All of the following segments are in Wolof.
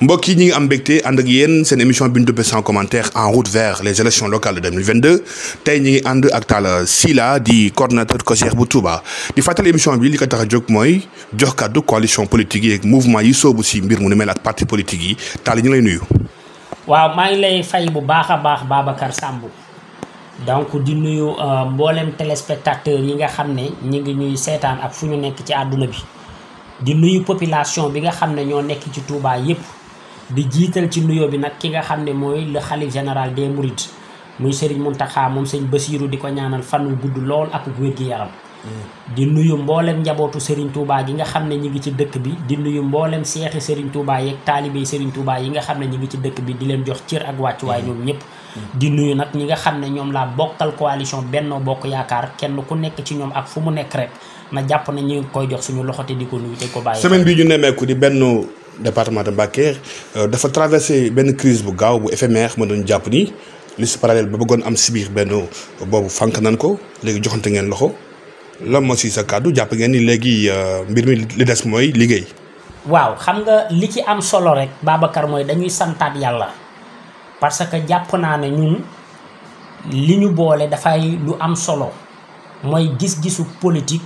mbokk yi ñi ngi am mbégte ànd ak yéen seen émission bi ñu duppee sans commentaire en route vers les élections locales de 2022 tey ñi ngi ànd ak Talla Sylla di coordonnateur COJER bu Touba di fàttali émission bi li ko tax a jóg mooy jox kàddu coalition politique yi ak mouvement yi soobu si mbir mu ni mel ak parti politique yi Talla ñu lay nuyu waaw maa ngi lay fay bu baax baax Babacar Samb donc di nuyu euh, mboolem téléspectateur yi nga xam ne ñi ngi ñuy seetaan ak fu ñu nekk ci àdduna bi di nuyu population bi nga xam ne ñoo nekk ci Touba yépp di jiital ci nuyoo bi nag ki nga xam ne mooy le xalif général des Mourides muy Serigne Mountakha moom sëñ Basiiru di ko ñaanal fan wu gudd lool ak wér gi yaram mm. di nuyu mboolem njabootu Serigne Touba gi nga xam ne ñi ngi ci dëkk bi di nuyu mboolem seexi Serigne Touba yeeg taalibey Serigne Touba yi nga xam ne ñi ngi ci dëkk bi di leen jox cër ak wàccuwaay mm. ñoom ñëpp di nuyu nag ñi nga xam ne ñoom laa bokkal coalition Benno Bokk Yaakaar kenn ku nekk ci ñoom ak fu mu nekk rek na jàpp na ñu ngi koy jox suñu loxo te di ko nuyu te ko bàyyi. semaine bi ñu nemmeeku di benn département de euh, dafa traversé benn crise bu gaaw bu éphémère ma doon jàpp ni liste parallèle ba bëggoon am si biir benn boobu fànk nan ko léegi joxante ngeen loxo lan moo si sa kàddu jàpp ngeen ni léegi euh, mbir mi li des mooy liggéey. waaw xam nga li ci am solo rek Babacar mooy dañuy santaat yàlla. parce que jàpp naa ne ñun li ñu boole dafay lu am solo mooy gis-gisu politique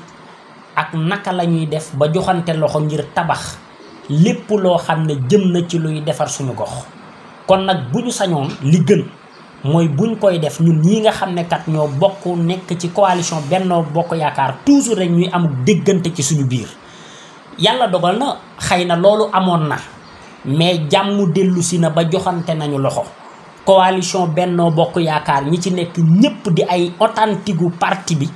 ak naka la ñuy def ba joxante loxo ngir tabax lépp loo xam ne jëm na ci luy defar suñu gox kon nag bu ñu sañoon li gën mooy buñ koy def ñun ñi nga xam ne kat ñoo bokk nekk ci coalition Benno Bokk Yaakaar toujours rek ñuy am déggante ci suñu biir yàlla dogal na xëy na loolu amoon na mais jàmm dellusi na ba joxante nañu loxo coalition Benno Bokk Yaakaar ñi ci nekk ñépp di ay authentique parti bi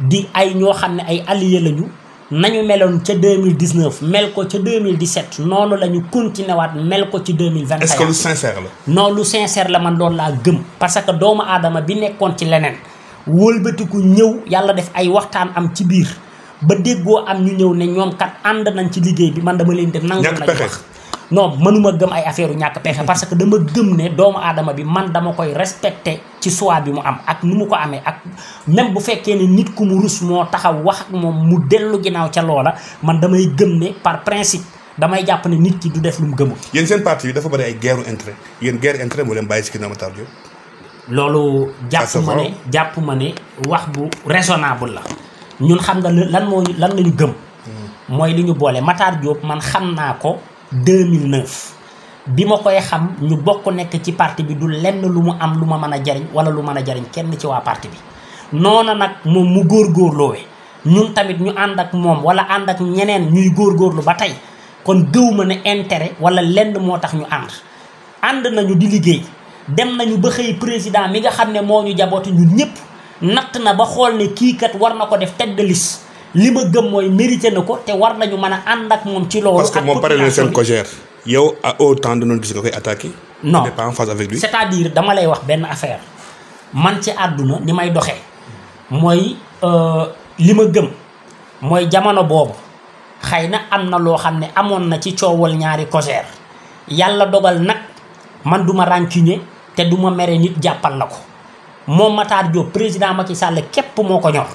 di ay ñoo xam ne ay alliés lañu nañu meloon ca 2019 mel ko ca 2017 noonu la ñu continuer waat mel ko ci 2021 est-ce que lu sincère la non lu sincère la man doon laa gëm parce que doomu aadama bi nekkoon ci leneen wëlbatiku ñëw yàlla def ay waxtaan am ci biir ba déggoo am ñu ñëw ne ñoom kat ànd nañ ci liggéey bi man dama leen di nangu nañ wax non mënuma gëm ay affaire ñàkk pexe parce que dama gëm ne doomu aadama bi man dama koy respecté ci choix bi mu am ak nu mu ko amee ak même bu fekkee ne nit ku mu rus moo taxaw wax ak moom mu dellu ginnaaw ca loola man damay gëm ne par principe damay jàpp ne nit ki du def lu mu gëmul. yéen seen parti bi dafa bëri ay guerre intérêt yéen guerre intérêt moo leen bàyyi si ginnaaw Matar Diop. loolu jàpp ma ne jàpp ma ne wax bu raisonnable la ñun xam nga lan moo lan lañu gëm. Hmm. mooy li ñu boole Matar man xam naa ko. 2009 bi ma koy xam ñu bokk nekk ci parti bi du lenn lu mu am lu ma mën a jariñ wala lu mën a jariñ kenn ci waa parti bi noona nag moom mu góor góorgóorloowee ñun tamit ñu ànd ak moom wala ànd ak ñeneen ñuy góor góorlu ba tey kon gëw ne intérêt wala lenn moo tax ñu ànd ànd nañu di liggéey dem nañu ba xëy président mi nga xam ne moo ñu jabootu ñun ñëpp natt na ba xool ne kii kat war na ko def tête de li ma gëm mooy mérité na ko te war nañu mën a ànd ak moom ci loolu. parce que moom pare na seen cogère. yow à haut temps danoon gis nga koy attaqué. non on n'est pas en phase c'est-à-dire dama lay wax benn affaire man ci àdduna li may doxee mooy euh, li ma gëm mooy jamono boobu xëy na am na loo xam ne amoon na ci coowal ñaari cogère yàlla dogal nag man duma rancunier te duma mere nit jàppal na ko moom Matar Diop président ma Macky sàll képp moo ko ñor.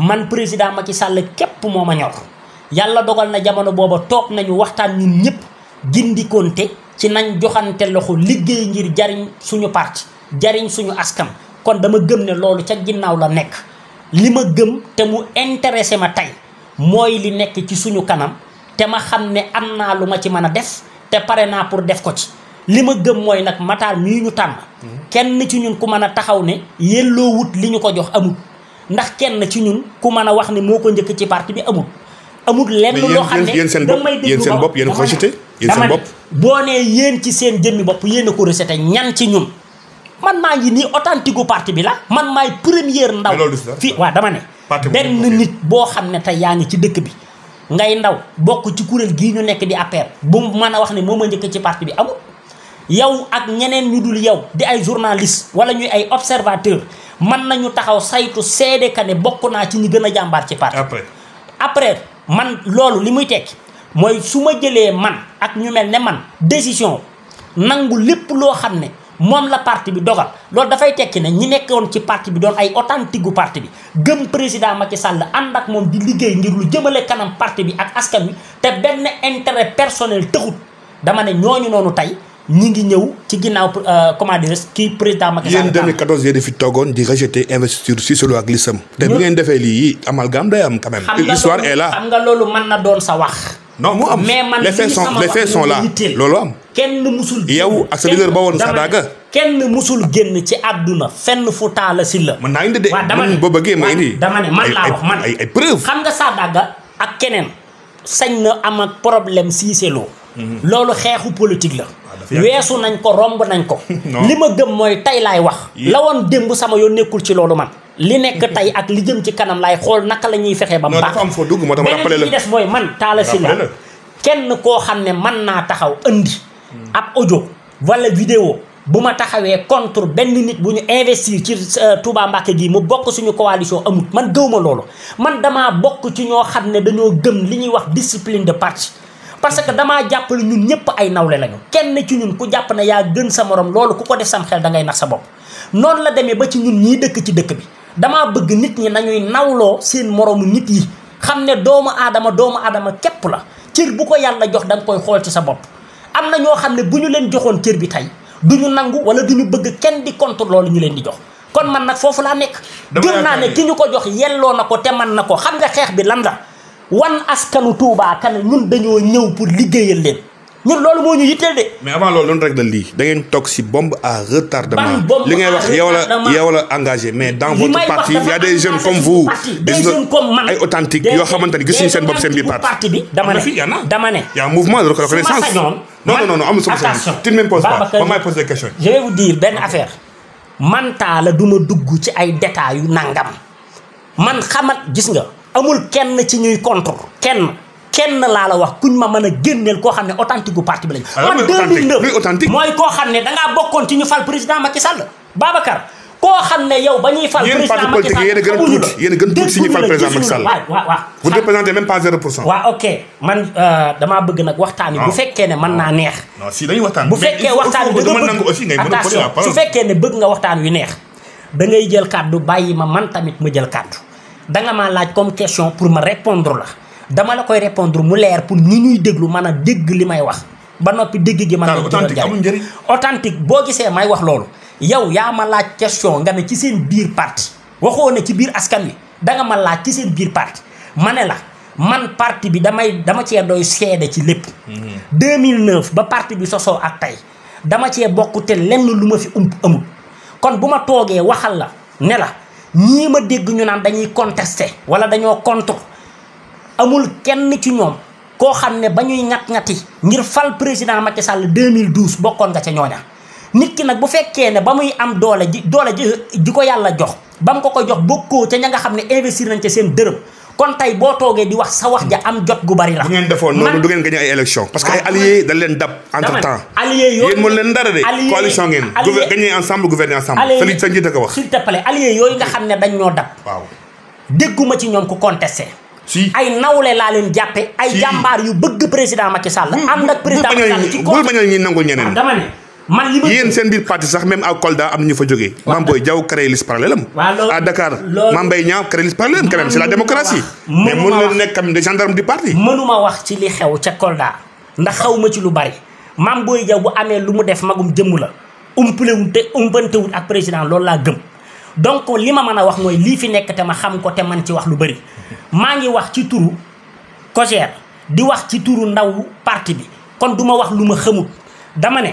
man président ma Macky Sall képp moo ma ñor yàlla dogal na jamono booba toog nañu waxtaan ñun ñëpp gindikonte ci nañ joxante loxo liggéey ngir jariñ suñu parti jariñ suñu askam kon dama gëm ne loolu ca ginnaaw la nekk li ma gëm te mu intéressé ma tey mooy li nekk ci suñu kanam te ma xam ne am naa lu ma ci mën a def te pare naa pour def ko ci li ma gëm mooy nag mataar mii ñu tànn mhm. kenn ci ñun ku mën a taxaw ne yelloowut li ñu ko jox amul ndax kenn ci ñun ku mën a wax ne moo ko njëkk ci parti bi amul. amul lenn loo xam ne yéen seen bopp yéen seen bopp yéen ko rejeté yéen seen bopp boo nee yéen ci seen jëmmi bopp yéen a ko rejeté ñan ci ñun man maa ngi nii authentique gu parti bi la man maay première ndaw fii waaw dama ne benn nit boo xam ne tey yaa ngi ci dëkk bi ngay ndaw bokk ci kuréel gii ñu nekk di APR bu mën a wax ne moom ma njëkk ci parti bi amul yow ak ñeneen ñu dul yow di ay journaliste wala ñuy ay observateur man nañu taxaw saytu seede ka ne bokk naa ci ñi gën a jàmbaar ci parti après man loolu li muy tekki mooy su ma jëlee man ak ñu mel ne man décision nangu lépp loo xam ne moom la parti bi dogal loolu dafay tekki ne ñi nekkoon ci parti bi doon ay authentique gu parti bi gëm président ma ci sàll ànd ak moom di liggéey ngir lu jëmale kanam parti bi ak askan wi te benn intérêt personnel tëxut dama ne ñooñu noonu tey ñu ngi ñëw ci ginnaaw euh, comment dire kii président Macky Sall. yéen 2014 yéen fi toogoon di rejeter investiture si solo ak lisam. te bu ngeen defee lii amalgame day am quand même. l'histoire est là xam nga loolu mën na doon sa wax. non mu am mais man les faits sont les faits sont là loolu am. kenn musul yow ak sa leader ba woon Sadaga. kenn musul génn ci àdduna fenn fu taala si la. mën naa indi de man boo bëggee ma indi. dama ne man laa wax man ay ay preuve. xam nga Sadaga ak keneen sañ na am ak problème Cissé Lo. Mhm. loolu xeexu politique la. weesu nañ ko romb nañ ko li ma gëm mooy tey laay wax la woon démb sama yoon nekkul ci loolu man li nekk tey ak li jëm ci kanam laay xool naka la ñuy fexee ba mu baax beneen bi des mooy man Talla Sylla kenn koo xam ne man naa taxaw andi hmm. ab ojo wala vidéo bu ma taxawee contre benn nit bu ñu investir ci euh, Touba Mbacké gi mu bokk suñu coalition amut man gëwma loolu man dama bokk ci ñoo xam ne dañoo gëm li ñuy wax discipline de parti parce que damaa jàppale ñun ñëpp ay nawle lañu kenn ci ñun ku jàpp ne yaa gën sa morom loolu ku ko def sam xel da ngay nax sa bopp noonu la demee ba ci ñun ñii dëkk ci dëkk bi damaa bëgg nit ñi nañuy nawloo seen moroomu nit yi xam ne doomu aadama doomu aadama képp la cër bu ko yàlla jox da koy xool ci sa bopp am na ñoo xam ne bu ñu leen joxoon cër bi tey du ñu nangu wala du ñu bëgg kenn di contre loolu ñu leen di jox kon man nag foofu laa nekk gëm naa ne ki ñu ko jox yelloo na ko te man na ko xam nga xeex bi lan la wan askanu Touba kan ñun dañoo ñëw pour liggéeyal leen ñun loolu moo ñu yitteel de. mais avant loolu doon rek da lii da ngeen toog si bombe à retardement li ngay wax yow la yow la y a des jeunes comme vous. des jeunes comme man ay authentiques yoo xamante ni gisuñu seen bopp seen biir parti bi dama ne dama ne. y a un mouvement de reconnaissance non amul sama attention tu ne me poses pas man maay pose des questions. je vais vous dire benn man taa la du ma dugg ci ay détails yu nangam man xamat gis nga. amul kenn ci ñuy contre kenn kenn laa la wax kuñ ma mën a génneel koo xam ne authentique bu parti bi lañ ah, man 2009 mooy koo xam ne dangaa bokkoon ci ñu fal président Macky Sall Babacar koo xam ne yow ba ñuy fal président Macky Sall yéen a gën a gën tuuti si ñu fal président Macky Sall waaw waaw vous ne représentez ok man euh, damaa bëgg nag waxtaan yi bu fekkee ne mën naa neex non si dañuy waxtaan bu fekkee waxtaan wi dama fekkee ne bëgg nga waxtaan wi neex da jël kàddu bàyyi ma man tamit ma jël kàddu danga ma laaj comme question pour ma répondre la dama la koy répondre mu leer pour ni ñuy déglu mën a dégg li may wax ba noppi dégg gi mën a jaay authentique boo gisee may wax loolu yow yaa ma laaj question nga ne ci seen biir parti waxoo ne ci biir askan wi danga ma laaj ci seen biir parti ma ne la man parti bi damay dama cee doy seede ci lépp 2009 mhm. ba parti bi sosoo ak tey dama cee bokk te lenn lu ma fi ump amul kon bu ma toogee waxal la ne la ñii ma dégg ñu naan dañuy contester wala dañoo contre amul kenn ci ñoom koo xam ne ba ñuy ŋat-ŋati ngir fal président Macky Sall 2012 bokkoon nga ca ñooña nit ki nag bu fekkee ne ba muy am doole ji doole ji ji ko yàlla jox ba mu ko ko jox bokkoo ca ña nga xam ne investir nañ ca seen dërëm kon tey boo toogee di wax sa wax ja am jot gu bari la. bu ngeen defoon noonu du ngeen gagné ay élection parce que ay alliés dañ leen dab. entre temps alliés yooyu yéen ko wax. s'il te plaît alliés yooyu nga xam ne dañ ñoo dab. dégguma ci ñoom ku contesté. ay nawle laa leen jàppe ay jàmbaar yu bëgg président Macky Sall. Hmm. ànd ak président Macky Sall ci kaw bul bañal ñi nangul ñeneen man li ma yéen seen biir parti sax même à Kolda am na ñu fa jógee. Mame Boye Diaw créé liste parallèle am. à Dakar Mame Mbaye Niang créé liste parallèle am. quand même c'est la démocratie. mais mën leen nekk tamit des gendarmes du parti. mënuma wax ci li xew ca Kolda ndax xaw ma ci lu bari Mame Boye Diaw bu amee lu mu def magum jëmm la umpalewul te umpantewul ak président loolu laa gëm. donc li ma mën a wax mooy lii fi nekk te ma xam ko te man ci wax lu bari maa ngi wax ci turu COJER di wax ci turu ndaw parti bi kon du ma wax lu ma xamut dama ne.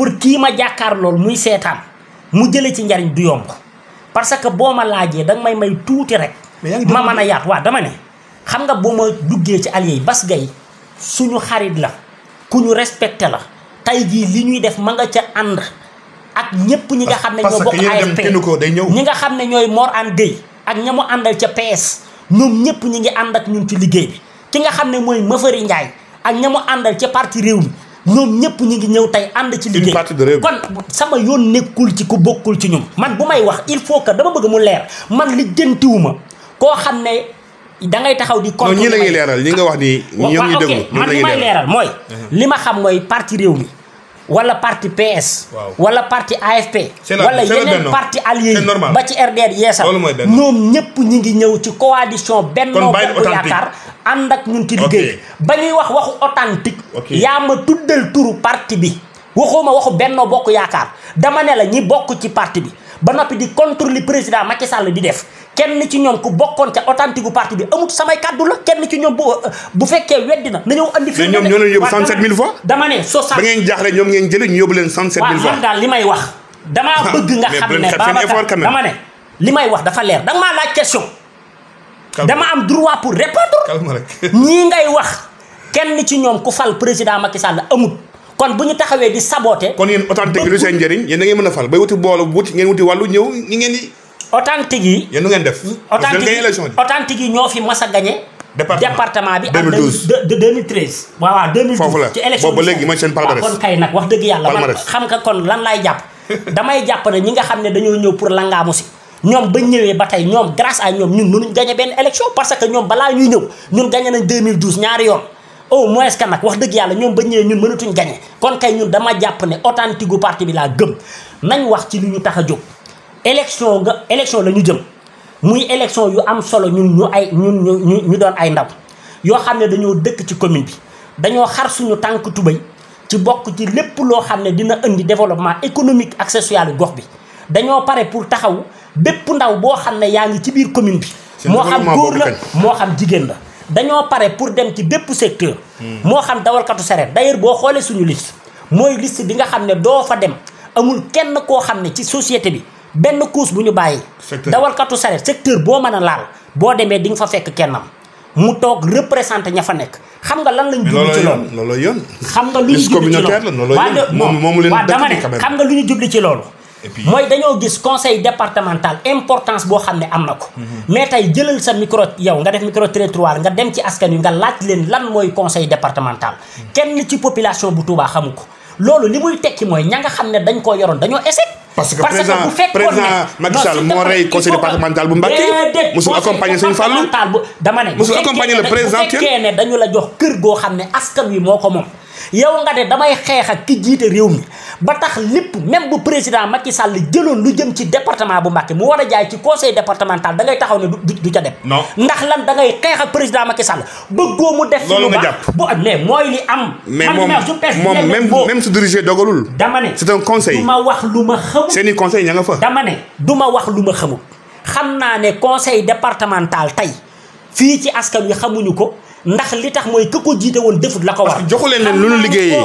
pour kii ma jàkkaar lool muy seetaan mu jële ci njariñ du yomb parce que boo ma laajee danga may may tuuti rek ma mën a yaat waa dama ne xam nga bu ma duggee ci allié yi Bass Gaye suñu xarit la ku ñu respecté la tey jii li ñuy def ma nga ca ànd ak ñépp ñi nga xam ne ñoo bokk AFP ñi nga xam ne ñooy Mor An Gueye ak ña mu àndal ca PS ñoom ñépp ñi ngi ànd ak ñun ci liggéey bi ki nga xam ne mooy Mafari Ndiaye ak ña mu àndal ca parti réew mi ñoom ñëpp ñu ngi ñëw tey ànd ci liggéey kon sama yoon nekkul ci ku bokkul ci ñun man bu may wax il faut que dama bëgg mu leer man li jëntiwuma koo xam ne da ngay taxaw di compte ñi la ngi leeral ñi nga wax ni ñoom ñu déglu man li may leeral mooy uh-huh. li ma xam mooy parti réew mi wala parti PS. wala parti AFP. wala yeneen parti alliés yi ba ci RDR yeesal. ñoom ñëpp ñu ngi ñëw ci coalition. Benno Bokk Yaakaar ànd ak ñun ci liggéey. ba ñuy wax waxu authentique. yaa ma tuddal turu parti bi. ma waxu Benno Bokk Yaakaar dama ne la ñi bokk ci parti bi. ba noppi di contre li président Macky Sall di def kenn ci ñoom ku bokkoon ca authentique gu parti bi amut samay kàddu la kenn ci ñoom bu euh, bu fekkee weddi na na ñëw andi. fi ñoom ñoo leen yóbbu 67000 fois. dama ne soo sax ba ngeen jaaxle ñoom ngeen jëlee ñu yóbbu leen 67000 fois. waaw man daal wax. dama ne li may wax dafa leer da nga maa laaj question. dama am droit pour répondre. ñii ngay wax kenn ci ñoom ku fal président Macky Sall amut. kon bu ñu taxawee di saboté kon yéen authentique yi lu seen njëriñ yéen da ngeen mën a fal bay wuti boolu wuti ngeen hmm? ñoo fi a gagné foofu la ci élection léegi mooy seen palmarès ah, kon kay wax dëgg yàlla man xam nga kon lan laay jàpp damay jàpp ne ñi nga xam ne dañoo ñëw pour langaamu si ñoom ba ñëwee ba tey ñoom grâce à ñoom ñun mënuñ gagné benn élection parce que ñoom balaa ñuy ñëw ñun gagné nañ 2012 ñaari yoon au moins que nag wax dëgg yàlla ñoom ba ñëwee ñun mënatuñ gañe kon kay ñun dama jàpp ne authentique gu parti bi laa gëm nañ wax ci li ñu tax a jóg élection nga élection la ñu jëm muy élection yu am solo ñun ñu ay ñun ñu ñu doon ay ndaw yoo xam ne dañoo dëkk ci commune bi dañoo xar suñu tànk tubéy ci bokk ci lépp loo xam ne dina indi développement économique ak gox bi dañoo pare pour taxaw bépp ndaw boo xam ne yaa ngi ci biir commune bi moo xam góor la moo xam jigéen la dañoo pare pour dem ci bépp secteur. moo xam dawalkatu sareet d'ailleurs boo xoolee suñu liste. mooy liste bi nga xam ne doo fa dem amul kenn koo xam ne ci société bi benn course bu ñu bàyyi. dawalkatu sareet secteur boo mën a laal boo demee di nga fa fekk kennam. mu toog représenté ña fa nekk xam nga lan lañ jubli ci loolu looloo xam nga lu ñu jubli ci loolu communautaire la looloo yoon moom moom dama ne xam nga lu ñu jubli ci loolu mooy dañoo gis conseil départemental importance boo xam ne am na ko. Mhm. mais tey jëlal sa micro yow nga def micro territoire nga dem ci askan yi nga laaj leen lan mooy conseil départemental. Mhm. kenn ci population bu Touba xamu ko loolu li muy tekki mooy ña nga xam ne dañ koo yoroon dañoo échec. parce que président président Macky Sall moo rey conseil départemental bu Mbacké musul accompagner Sëñ Fallou dama ne musul accompagner le président bu fekkee ne dañu la jox kër goo xam ne askan wi moo ko moom. yow nga de damay xeex ak ki jiite réew mi ba tax lépp même bu président Macky sàll jëloon lu jëm ci département bu Mbacké mu war a jaay ci conseil départemental da taxaw ne du du ca dem. ndax lan da ngay xeex ak président Macky Sall bëggoo mu def. loolu nga jàpp bu mais mooy li am. man su moom même même su diriger dogalul. dama ne c'est un conseil du ma wax lu ma xamul. seeni conseil ña nga fa. dama ne du ma wax lu ma xamul xam naa ne conseil départemental tey fii ci askan wi xamuñu ko. ndax li tax mooy ku ko jiite woon defut la ko war. joxu leen leen lu ñu liggéeyee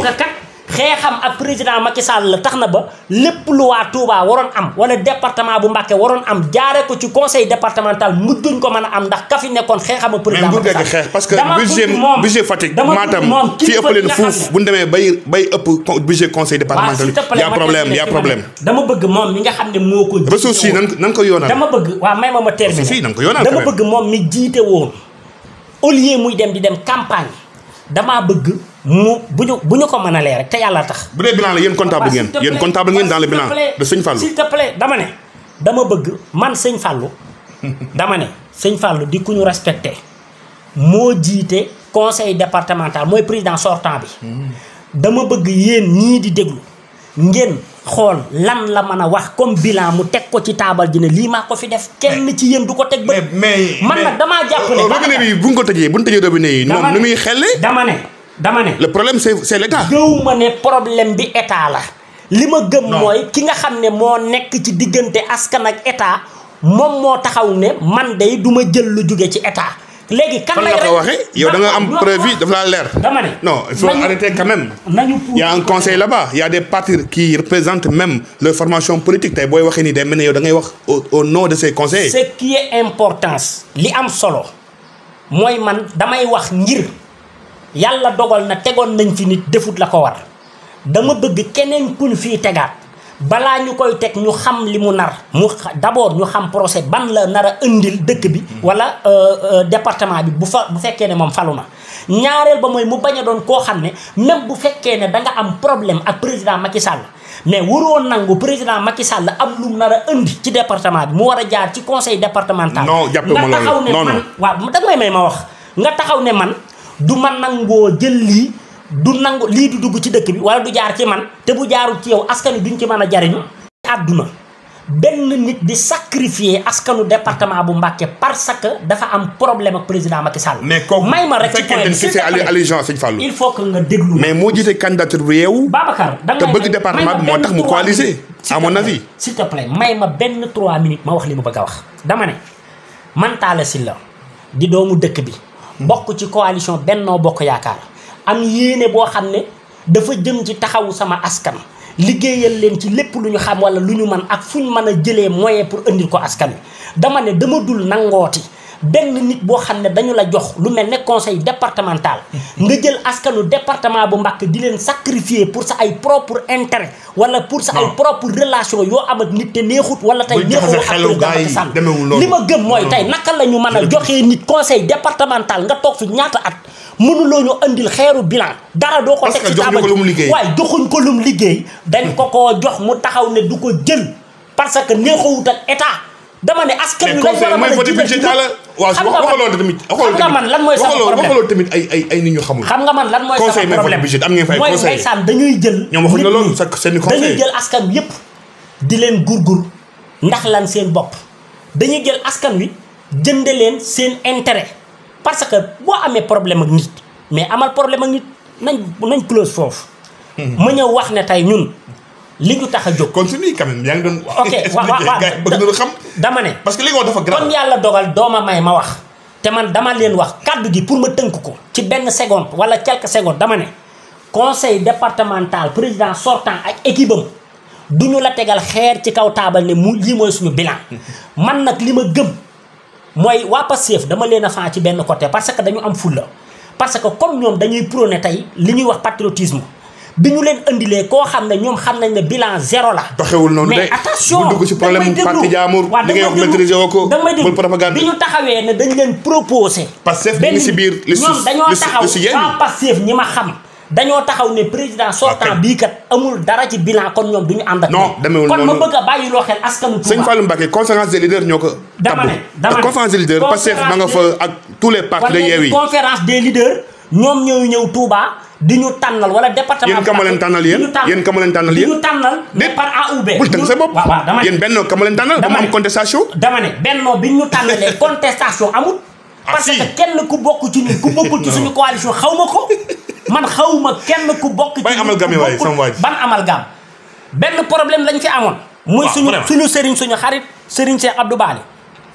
xeexam ak président Macky la tax na ba lépp lu waa Touba waroon am wala département bu Mbacké waroon am jaaree ko ci conseil départemental mujjuñ ko mën a am ndax ka fi nekkoon xeexam ak président Macky Sall xeex que budget budget Fatick Matam fii ëpp leen fuuf bu ñu demee bay bay ëpp budget conseil départemental yaa problème yaa problème dama bëgg moom mi nga xam ne moo ko ressources yi nan nan ko yoonal dama bëgg waaw au lieu muy dem di dem campagne damaa bëgg mu bu ñu bu ñu ko mën a leer te yàlla tax. bu dee bilan la yéen comptable ngeen yéen comptable ngeen dans le bilan de sëñ Fallou. s'il te plaît dama ne dama bëgg man sëñ Fallou dama ne sëñ Fallou di ku ñu respecté moo jiite conseil départemental mooy président sortant bi hmm. dama bëgg yéen ñii di déglu ngeen. xool lan la mën a wax comme bilan mu teg ko ci taabal ji ne lii maa ko fi def kenn ci yéen du ko teg ba mais man nag damaa jàpp ne robinet oh, bi bu ñu ko tëjee bu ñu tëjee robinet yi muy xelle dama ne dama ne le problème c'est c'est l'état gëw ma ne problème bi état la li ma gëm mooy ki nga xam ne moo nekk ci diggante askan ak état moom moo taxaw ne man day duma jël lu jóge ci état léegi kan lay ko waxee yow da nga am prévu daf laa leer. dama ne non il faut arrêter quand même. nañu conseil là-bas yaa y a des partis qui représentent même leur formation politique tey booy waxee nii day mel ne yow da ngay wax au nom de ces conseils. ce qui est importance li am solo mooy man damay wax ngir yàlla dogal na tegoon nañ fi nit defut la ko war dama bëgg keneen kuñ fii tegaat. balaa ñu koy teg ñu xam li mu nar mu d'abord ñu xam procès ban la nar a dëkk bi wala euh, euh, département bi bu fa bu fekkee ne moom falu na ñaareel ba mooy mu bañ a doon koo xam ne même bu fekkee ne da nga am problème ak président Macky Sall mais waroo nangu président Macky Sall am lu mu nar a indi ci département bi mu war a jaar ci conseil départemental nga taxaw ne man waaw da may may ma wax nga taxaw ne man du nangoo jël lii du nangu lii du dugg ci dëkk bi wala du jaar ci man te bu jaarul ci yow askan wi duñ ci man a jariñu àdduna benn nit di sacrifier askanu departement bu Mbàkke parce que dafa am problème ak président Macky Sall. mais kooku may ma rek ci point bi c'est allégeance Sëñ Fallou. moo jiite candidature bu yeewu. Babacar da nga moo tax mu may ma benn trois minutes ma wax li ma bëgg a wax. dama ne man si la di doomu dëkk bi bokk ci coalition Benno Bokk Yaakaar. am yéene boo xam ne dafa jëm ci taxawu sama askan liggéeyal leen ci lépp lu ñu xam wala lu ñu man ak fu ñu mën a jëlee moyen pour indil ko askan wi dama ne dama dul nangooti benn nit boo xam ne dañu la jox lu mel ne conseil départemental nga jël askanu département bu Mbàkke di leen sacrifier pour sa ay propre intérêt wala pour sa ay propre relation yoo amat nit te neexut wala tey neexul ak Macky Sall li ma gëm mooy tey naka la ñu mën a joxee nit conseil départemental nga toog fi ñaata at mënuloo ñu indil xeeru bilan dara doo ko teg ci taabal waaye joxuñ ko lum liggéey dañ ko ko jox mu taxaw ne du ko jël parce que neexawut ak état dama ne askan wi lañ war a mën a jiite waaw xam man lan mooy sama problème mooy sama dañuy jël ñoom waxuñ la loolu askan wi yëpp di leen gur ndax lan seen bopp dañuy jël askan wi jënde leen seen intérêt parce que boo amee problème ak nit mais amal problème ak nit nañ nañ close foofu hmm. ma ñëw wax ne tey ñun li ñu tax a jóg. continue quand yaa ngi doon. ok waaw waaw bëgg na xam. dama ne parce que li nga wax dafa grave. kon yàlla dogal dooma may ma wax. te man dama leen wax kàddu gi pour ma tënk ko. ci benn seconde wala quelques secondes dama ne conseil départemental président sortant ak équipe am du ñu la tegal xeer ci kaw taabal ne mu lii mooy suñu bilan. man nag li ma gëm mooy waa Pastef dama leen a faa ci benn côté parce que dañu am fulla parce que comme ñoom dañuy prôné tey li ñuy wax patriotisme. bi ñu leen indilee koo xam ne ñoom xam nañ ne bilan zéro la. doxewul noonu de mais attention dugg ci problème parti jaamur li ngay wax maîtriser woo ko. damay déglu propagande bi ñu taxawee ne dañ leen ah, amul dara ci bilan kon ñu ànd a bàyyi loo xel askanu Touba. sëñ Fallou Mbacké conférence des leaders ñoo ko. dama ne dama ne conférence des leaders Pastef ma nga fa ak tous les partis de Yewwi conférence des leaders ñoom ñooy ñëw Touba di ñu tànnal wala département. yéen kama leen tànnal yéen yéen kama leen tànnal yéen. di ñu tànnal mais par A ou B. bul tënk sa bopp yéen benn kama leen tànnal ba mu am contestation. dama ne bennoo bi ñu tànnalee contestation amul. Ah, parce que kenn ku bokk ci ñun ku bokkul ci suñu coalition xaw ma ko man xaw kenn ku bokk. ci ban amalgam yi waay sama waay ban amalgam benn problème lañ fi amoon. muy suñu suñu sëriñ suñu xarit sëriñ Cheikh Abdou Bali.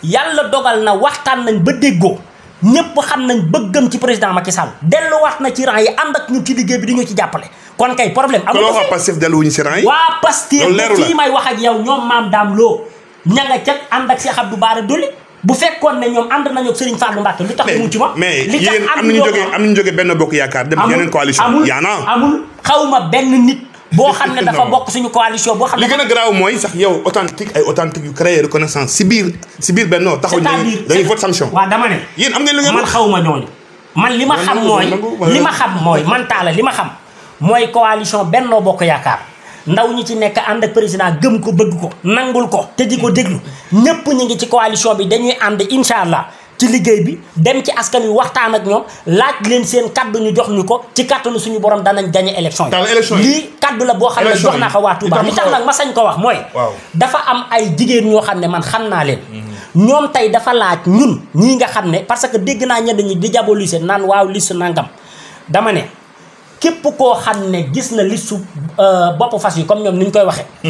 yàlla dogal na waxtaan lañ ba déggoo ñëpp xam nañ bëggam ci président Macky Sall delluwaat na ci rang yi ànd ak ñun ci liggéey bi di ñu ci jàppale kon kay problème amul ko waa Pastef delluwuñu ci rang yi waa Pastef fii may wax ak ñoom maam daam loo ña ca ànd ak Cheikh Abdou Bara Dolly bu fekkoon ne ñoom ànd nañu ak Serigne Fallou Mbacké lu tax mu ci ma mais yéen am nañu jógee am nañu jógee benn bokk yaakaar dem yeneen coalition yaana amul xawma benn nit boo xam ne dafa bokk suñu coalition boo xam ne. li gën a garaaw mooy sax yow authentique ay authentique yu créé reconnaissance si biir si biir benn taxaw ñu dañuy vote sanction. waaw dama ne. yéen am ngeen lu ngeen man xaw ma ñooñu. man li ma xam mooy li ma xam mooy man taala li ma xam mooy coalition Benno Bokk Yaakaar ndaw ñi ci nekk ànd ak président gëm ko bëgg ko nangul ko te di ko déglu ñëpp ñu ngi ci coalition bi dañuy ànd incha allah ci liggéey bi dem ci askan wi waxtaan ak ñoom laaj leen seen kaddu ñu jox ñu ko ci kattanu suñu borom danañ gañe élection yi lii kaddu la boo xam ne jox naa ko waa Touba ma sañ ko wax mooy dafa am ay jigéen ñoo xam ne man xam naa leen mhm. ñoom tey dafa laaj ñun ñii nga xam ne parce que dégg naa ñenn ñi di diaboliser naan waaw lii su nangam dama ne képp koo xam ne gis na listu euh, bopp fas yi comme ñoom ni ñu koy waxee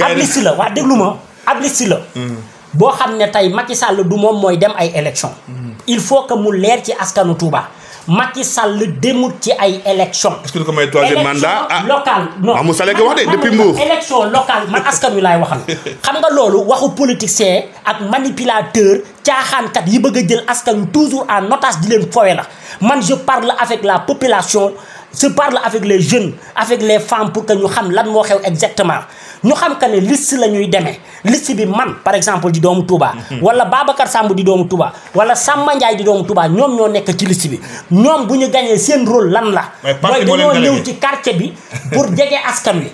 ab liste la waa déglu ma ab liste la mhm. boo xam ne tey Macky Sall du moom mooy dem ay élection mm-hmm. il faut que mu leer ci askanu Touba Macky Sall demut ci ay élection est-ce que du ko may troisième mandat ah locale non Mahmoud wax de depuis Mbour élection locale man askan wi laay waxal xam nga loolu waxu politicien ak manipulateur caaxaankat yi bëgg a jël askan wi toujours en otage di leen fowe la man je parle avec la population je parle avec les jeunes avec les femmes pour que ñu xam lan moo xew exactement ñu xam que ne liste la ñuy demee liste bi man par exemple di doomu Touba. Mhm. wala Babacar Samb di doomu tubaa wala Samba Ndiaye di doomu Touba ñoom ñoo nekk ci liste bi ñoom bu ñu gañee seen rôle lan la. mooy dañoo ñëw ci quartier bi pour jege askan wi.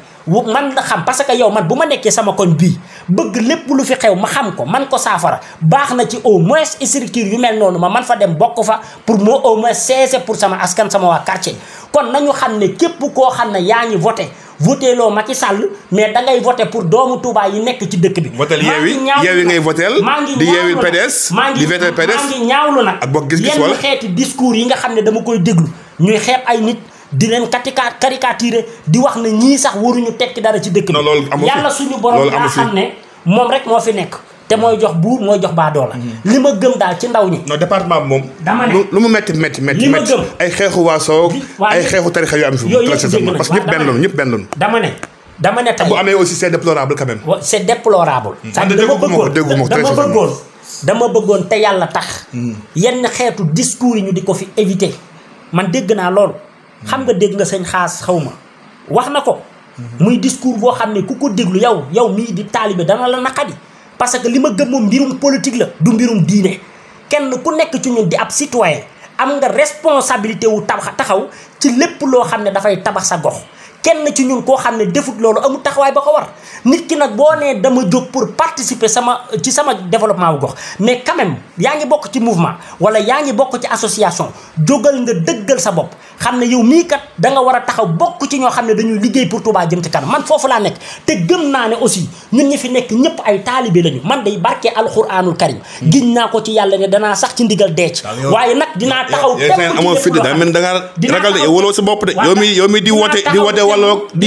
man la xam parce que yow man bu ma nekkee sama koñ bii bëgg lépp lu fi xew ma xam ko man ko saafara baax na ci au moins structure yu mel noonu ma man fa dem bokk fa pour moo au moins 16 pour sama askan sama waa quartier kon nañu xam ne képp koo xam ne yaa ngi voté voté loo Macky Sall mais da ngay voté pour doomu Touba yi nekk ci dëkk bi. voté yeewi yeewi ngay voté di yeewi PDS di voté PDS maa ngi ñaawlu nag ak bokk gis-gis wala yenn xeeti discours yi nga xam ne dama koy déglu ñuy xeeb ay nit. di leen carica caricature di wax ne ñii sax waruñu tekki dara ci dëkk bi. yàlla suñu borom daa xam ne moom rek moo fi nekk. te mooy jox buur mooy jox baadoola mhm. li ma gëm daal ci ndaw ñi non département bi moom dama ne lu mu métti métti métti li ma gëm ay xeexu waa soow ay xeexu tarixa yu am fi parce que ñëpp benn lañu ñëpp benn lañu dama ne dama ne tey bu amee aussi c'est déplorable quand même c'est déplorable mm. ah, dama bëggoon dama bëggoon dama bëggoon te yàlla tax mm. yenn xeetu discours yi ñu di ko fi éviter man dégg naa loolu xam nga dégg nga seen xaas xaw ma wax na ko mm-hmm. muy discours boo xam ne ku ko déglu yow yow mii di taalibe dana la naqadi parce que li ma gëm moom mbirum politique la du mbirum diine kenn ku nekk ci ñun di ab citoyen am nga responsabilité wu tabax taxaw ci lépp loo xam ne dafay tabax sa gox kenn ci ñun koo xam ne defut loolu amul taxawaay ba ko war nit ki nag boo nee dama jóg pour participer sama ci sama développement wu gox mais quand même yaa bokk ci mouvement wala yaa ngi bokk ci association jógal nga sa bopp xam ne yow mii kat da nga war a taxaw bokk ci ñoo xam ne dañuy liggéey pour Touba jëm ci kanam man foofu laa nekk te gëm naa ne aussi ñun ñi fi nekk ñëpp ay taalibe lañu man day barke alxuraanul karim hmm. giñ naa ko ci yàlla ne danaa sax ci ndigal deec waaye nag dinaa taxaw amoo fit da mel da nga ragal de yow wala bopp de yow mi yow mi di woote di jàkkaarloog. di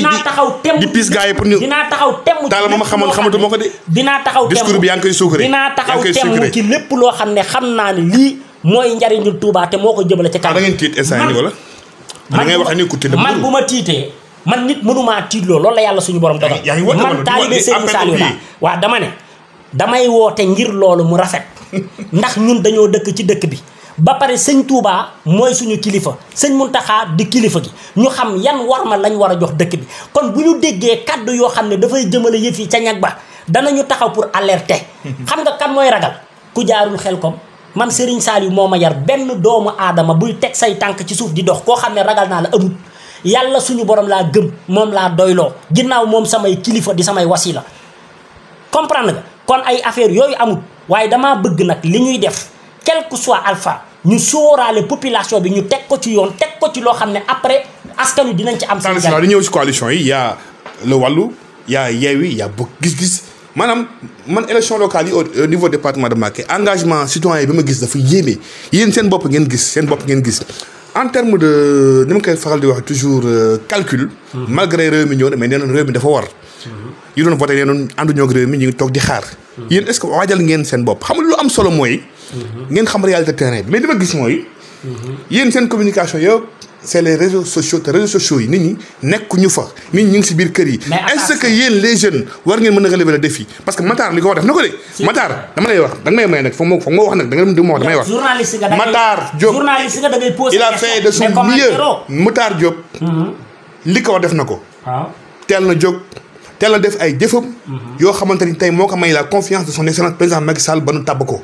di di pis gars yi pour ñu. dinaa taxaw temm taala ma ma xamoon xamatu ko de. dinaa taxaw temm discours bi yaa ngi ci lépp loo xam ne xam naa ne lii mooy njariñul Touba te moo ko jëmale ca kanam. Ah, da ngeen tiit instant yii man ngay wax ni ku bu ma tiitee. man nit mënumaa tiitloo loolu la yàlla suñu borom dogal man taalibe Serigne Saliou la waaw dama ne damay woote ngir loolu mu rafet ndax ñun dañoo dëkk ci dëkk bi ba pare sëñ Touba mooy suñu kilifa sëñ Muntaxa di kilifa gi ñu xam yan war ma lañ war a jox dëkk bi kon bu ñu déggee kàddu yoo xam ne dafay jëmale yëf yi ca ñag ba danañu taxaw pour alerter. xam nga kan mooy ragal ku jaarul xel ko man Serigne Saliou moo ma yar benn doomu aadama buy teg say tànk ci suuf di dox koo xam ne ragal naa la amut yàlla suñu borom laa gëm moom laa doyloo ginnaaw moom samay kilifa di samay wasila comprendre nga kon ay affaire yooyu amut waaye damaa bëgg nag li ñuy def quel que ñu sóoraale population bi ñu teg ko ci yoon teg ko ci loo xam ne après askan wi dinañ ci am. seen jàll si coalition yi y' a le wàllu y' Gis-Gis maanaam man élection locale yi au niveau département de Mbacké engagement citoyen bi ma gis dafa yéeme yéen seen bopp ngeen gis seen bopp ngeen gis. en terme de ni ma koy faral di wax toujours euh, calcul. Mhm. malgré réew mi ñëw na mais nee nañ réew mi dafa war. Mhm. yi doon voté nee nañ ànduñoo ak réew mi ñu toog di xaar. Mhm. yéen est-ce que waajal ngeen seen bopp xam lu am solo mooy. Mhm. ngeen xam réalité terrain bi mais li ma gis mooy. Mhm. yéen seen communication yëpp c' est les réseaux sociaux te réseaux sociaux yi nit ñi nekkuñu fa nit ñi ngi si biir kër yi. est ce que yéen les jeunes war ngeen mën a relever le défi parce que Matar li ko wax def na ko de. Matar dama lay wax danga may may nag foog ma foog ma wax nag danga dem du ma wax damay wax. journaliste nga da ngay Matar Diop journaliste nga da ngay posé il a fait de son mieux Matar Diop. Mhm. li ko wax def na ko. waaw teel na jóg. teel a def ay jëfam. yoo xamante ni tey moo ko may la confiance de son excellence président Macky Sall ba nu tàbb ko.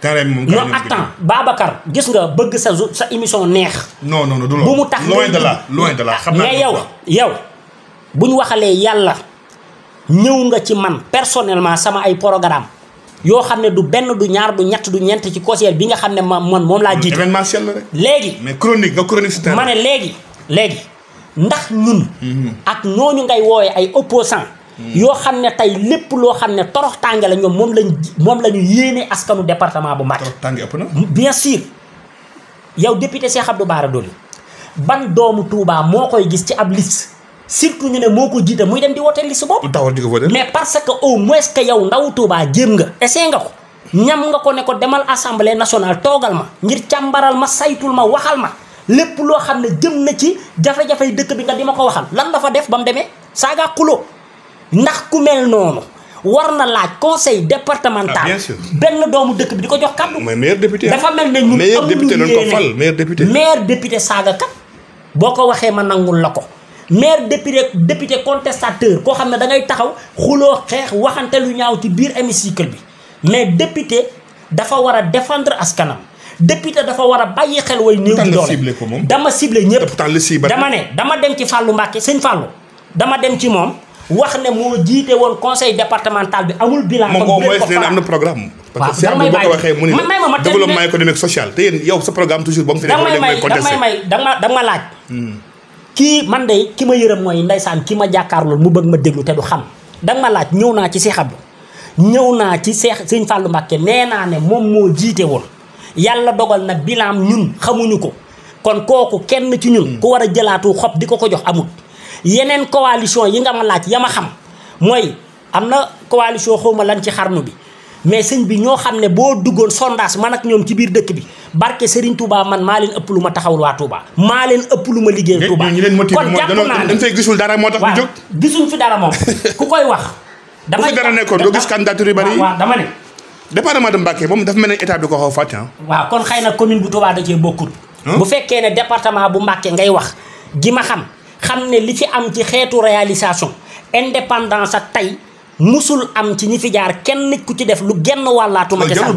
carême moom non attends Babacar gis nga bëgg sa sa émission neex. non non non du bu mu tax loin de xam naa mais yow yow bu ñu waxalee yàlla ñëw nga ci man personnellement sama ay programme yoo xam ne du benn du ñaar du ñett du ñeent ci conseil bi nga xam ne ma man moom laa jiite. événementiel léegi mais chronique nga ma ne léegi léegi ndax ñun. Mhm. ak ñooñu ngay woowee ay opposants yoo xam ne tey lépp loo xam ne torox tànge la ñoom moom lañ moom la ñu yéene askanu département bu Mbacké. torox tànge ëpp na. bien sûr yow député Cheikh Abdou Bara Dolly ban doomu Touba moo koy gis ci ab liste. surtout ñu ne moo ko jiite muy dem di wote liste bopp. mais parce que au moins que yow ndaw Touba jéem nga. essayé nga ko ñam nga ko ne ko demal assemblée national toogal ma ngir càmbaral ma saytul ma waxal ma. lépp loo xam ne jëm na ci jafe-jafey dëkk bi nga di ma ko waxal lan la fa def ba mu demee saaga ndax ku mel noonu war na laaj conseil départemental. Ah, benn doomu dëkk bi di ko jox kàddu. mais maire député dafa mel ne ñun. maire député dañ ko fal maire député. maire député saaga kat boo ko waxee ma nangul la ko. maire député député contestateur koo xam ne dangay taxaw xuloo xeex waxante lu ñaaw ci biir hémicycle bi mais député dafa war a as kanam député dafa war a bàyyi xel way néew di doole dama ciblé ñëpp dama ne dama dem ci Fallou Mbacké sëñ Fallou dama dem ci moom wax ne moo jiite woon conseil départemental bi amul bilan. comme moom mooy na am na waxee mu ne la développement économique social te yéen yow sa programme toujours ba mu fi nekk da may may laaj. Hmm. kii man de ki ma yërëm mooy ndeysaan ki ma jàkkaarlool mu bëgg ma déglu te du laaj ñëw naa ci Cheikh Abdou ñëw naa ci Cheikh Sëñ Fallou Mbacké nee naa ne moom moo jiite woon yàlla dogal na bilan ñun xamuñu ko kon kooku kenn ci ñun. Hmm. ku war a jëlaatu xob di ko ko jox amul yeneen coalition yi nga ma laaj ya ma xam mooy am na coalition ma lan ci xarnu bi mais sëñ bi ñoo xam ne boo duggoon sondage man ak ñoom ci biir dëkk bi barke Serigne Touba man maa leen ëpp lu ma taxawul waa Touba. maa leen ëpp lu ma liggéey Touba kon jàpp naa ne dañ fay gisul dara moo tax ñu jóg gisul fi dara koy wax. damay bu dara nekkoon doo gis candidature yu bari yi waaw dama ne. département de Mbacké moom dafa mel ne état bi ko xaw fàtte waaw kon xëy na commune bu Touba da cee bokkul. bu fekkee ne département bu mbàkkee ngay wax gi ma xam xam ne li ci am ci xeetu réalisation indépendance ak tey musul am ci ñi fi jaar kenn nit ku ci def lu genn wàllaatu ma ci sax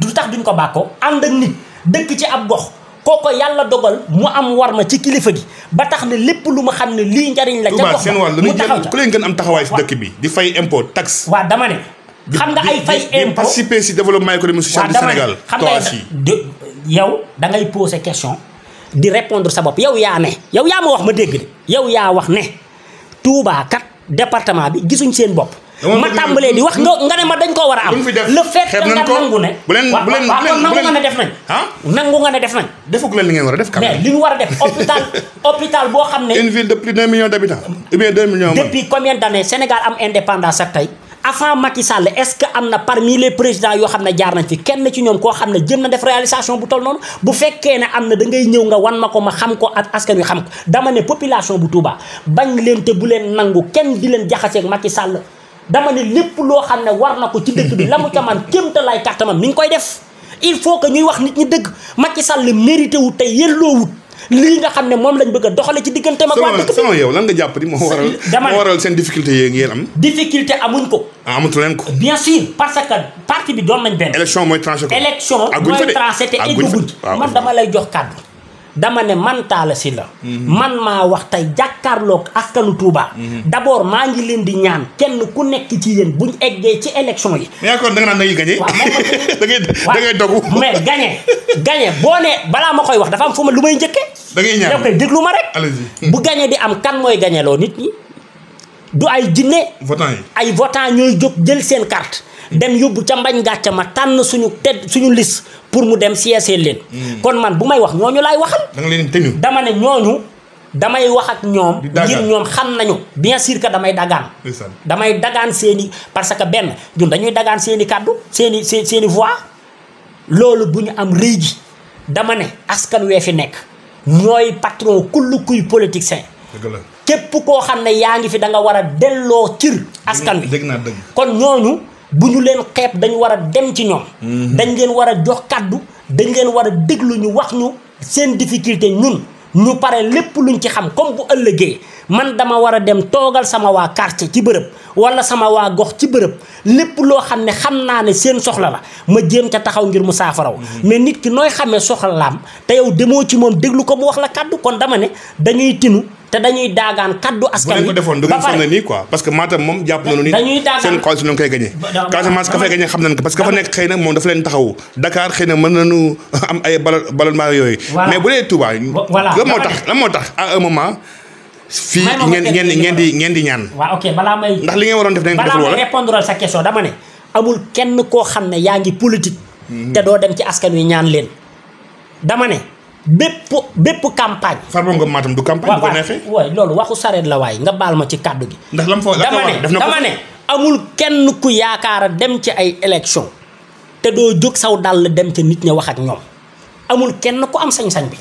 du tax duñ ko bàkkoo ànd ak nit dëkk ci ab gox kooko yàlla dogal mu am war ma ci kilifa gi ba tax ne lépp lu ma xam ne lii njariñ la ca gox ba mu taxaw ku leen gën am taxawaay si dëkk bi di fay impôt taxe waaw dama ne xam nga ay fay impôt participer si développement économique social du Sénégal xam yow da ngay question di répondre sa bopp yow yaa ne yow yaa ma wax ma dégg de yow yaa wax ne Touba kat département bi gisuñ seen bopp. ma tàmbalee di wax nga nga ne ma dañ koo war a am. le fait que nga nangu ne. bu leen bu leen ah? nangu nga ne def nañ. nangu nga ne def nañ. defagul leen li ngeen war a def. mais war a def hôpital hôpital boo xam ne. une ville de plus d'un million d'habitants. ou bien depuis combien d'années Sénégal am indépendance sa tey. avant Macky Sall est-ce que am na parmi les présidents yoo xam ne jaar nañ fi kenn ci ñoom koo xam ne jëm na def réalisation bu toll noonu bu fekkee ne am na da ngay ñëw nga wan ma ko ma xam ko ak askan wi xam ko dama ne population bu Touba bañ leen te bu leen nangu kenn di leen jaxaseeg Macky Sall dama ne lépp loo xam ne war na ko ci dëkk bi la mu ca man kémta lay kàttamam mi ngi koy def il faut que ñuy wax nit ñi dëgg Macky Sall mérité wut te yelloowut lii nga xam ne moom lañ bëgg a doxale ci digganteem ak waa dëkk sama yow lan nga jàpp moo waral seen difficulté yi ngeen am difficulté amuñ ko ah, amatu ko bien sûr que parti bi doon nañ benn élection mooy tranché ko élection mooy tranché te egguñ ah, man dama lay jox kàddu ne man Talla Sylla mhm. man maa wax tey jàkkaarloog askanu Touba. Mhm. d'abord maa ngi leen di ñaan kenn ku nekk ci yéen buñ eggee ci élection yi. mais kon da nga naan da ngay gagné. da dogu. mais gagné gagné boo nee balaa ma koy wax dafa am fu ma lu may njëkkee. da ngay ñaan yow kay déglu ma rek. bu gagné di am kan mooy gagné loo nit ñi. du ay jinne votant yi ay votant ñooy jóg jël seen carte. dem yóbbu ca mbañ gàcca ma tànn suñu tedd suñu liste pour mu dem siyeesee leen. Hmm. kon man bu may wax ñooñu laay waxal. da nga leen tëñu dama ne ñooñu. damay wax ak ñoom. ngir ñoom xam nañu. bien sûr que damay dagaan. damay dagaan seen i parce que benn ñun dañuy dagaan seen i kàddu seen i seen seen i voix. loolu bu ñu am rëy ji dama ne askan wee fi nekk. ñooy patron kull kuy politicien képp koo xam ne yaa ngi fi da nga war a delloo cir askan bi dégg naa dëgg kon ñooñu bu ñu leen xeeb dañu war a dem ci ñoom mhm. dañ leen war a jox kàddu dañ leen war a déglu ñu wax ñu seen difficulté ñun ñu pare lépp luñ ci xam comme bu ëllëgee man dama war a dem toogal sama waa quartier ci bërëb wala sama waa gox ci bërëb lépp loo xam ne xam naa ne seen soxla la ma jéem ca taxaw ngir mu saafaraw mhm. mais nit ki nooy xamee soxla laam te yow demoo ci moom déglu ko mu wax la kàddu kon dama ne dañuy tinu te dañuy daagaan kaddu askan wi bu ko defoon du ngeen moom jàpp nañu ni seen coalition lañ koy gagné Casamance ka fay gagné xam nañ ko parce fa nekk xëy na moom dafa leen taxawu Dakar xëy na mën nañu am ay ballonnement yooyu mais bu dee Touba lan moo tax lan moo tax à un fii ngeen ngeen ngeen di ngeen di ñaan. waa ok balaa may. ndax li ngeen waroon def da ngeen ko deful wala balaa may sa question dama ne. amul kenn koo xam ne yaa ngi politique. Mhm. te doo dem ci askan wi ñaan leen. dama ne bépp bépp campagne. Farba du campagne. du loolu waxu sareet la waay nga baal ma ci kàddu gi. ndax lam foo la dama ne dama ne amul kenn ku yaakaara dem ci ay élection te doo jóg saw dàll dem ci nit ña wax ak ñoom amul kenn ku am sañ-sañ bi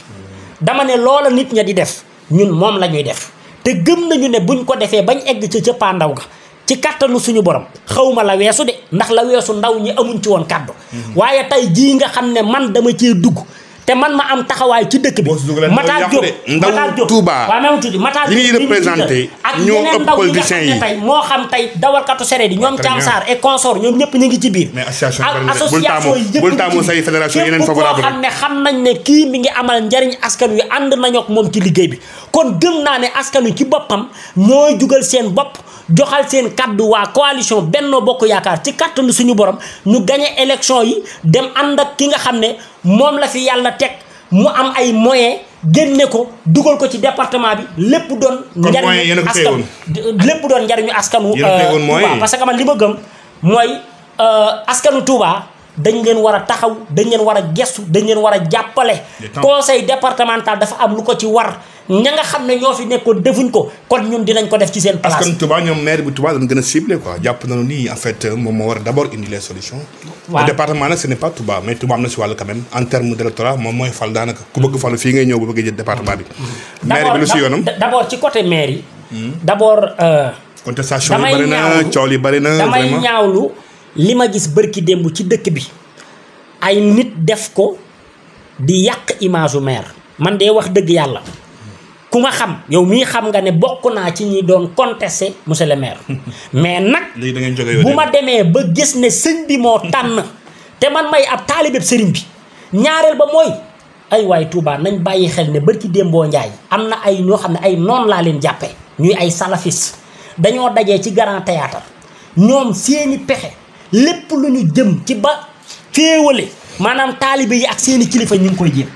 dama ne loola nit ña di def ñun moom la ñuy def. te gëm nañu ne buñ ko defee bañ egg ca cëppaandaw ga ci kàttanu suñu borom xawma la weesu de ndax la weesu ndaw ñi amuñ ci woon kàddu mhm. waaye tey jii nga xam ne man dama cee dugg te man ma am taxawaay ci dëkk bi Matar Diop Matar Diop waaw même tuuti Matar Diop li ñuy représenté ak yeneen yi nga xam ne tey moo xam tey yi ñoom Thiam Sarr et ñëpp ñu ngi ci biir association yi yëpp képp koo xam ne xam nañ ne kii mi ngi amal njariñ askan wi ànd nañoo ak moom ci liggéey bi kon gëm naa ne askan wi ci boppam mooy jugal seen bopp joxal seen kaddu waa coalition Benno Bokk Yaakaar ci kàttanu suñu borom ñu gañe élection yi dem ànd ak ki nga xam ne moom la fi yàlla teg mu am ay moyen génne ko dugal ko ci département bi lépp doon. njariñu askan lépp doon njariñu askanu. Euh, Touba parce que man li ma gëm mooy euh, askanu Touba dañ leen war a taxaw dañ leen war a gestu dañ leen war a jàppale. conseil départemental dafa am lu ko ci war. ña nga xam ne ñoo fi nekkoon defuñ ko kon ñun dinañ ko def ci seen place. askan Touba ñoom maire bi Touba dañ gën a ciblé quoi jàpp nañu ni en fait moom a d' abord indi les solutions. waaw le département nag ce n' est pas Touba mais Touba am na si wàllu d' électorat moom mooy fal daanaka ku bëgg falu fii mm-hmm. yi. Mm-hmm. bëri euh, na coow yi damay ñaawlu li ma gis bërki démb ci dëkk bi ay nit def ko di yàq image u maire man de wax dëgg yàlla ku ma xam yow mii xam nga ne bokk naa ci ñi doon contesté monsieur le maire. mais nag. bu ma demee ba gis ne sëñ bi moo tànn. te man may ab taalibeb sëriñ bi ñaareel ba mooy. ay waay Touba nañ bàyyi xel ne bërki démboo njaay am na ay ñoo xam ne ay noon laa leen jàppe ñuy ay salafis dañoo dajee ci grand théâtre ñoom seeni pexe lépp lu ñu jëm ci ba féewale maanaam taalibe yi ak seeni kilifa ñu ngi koy jéem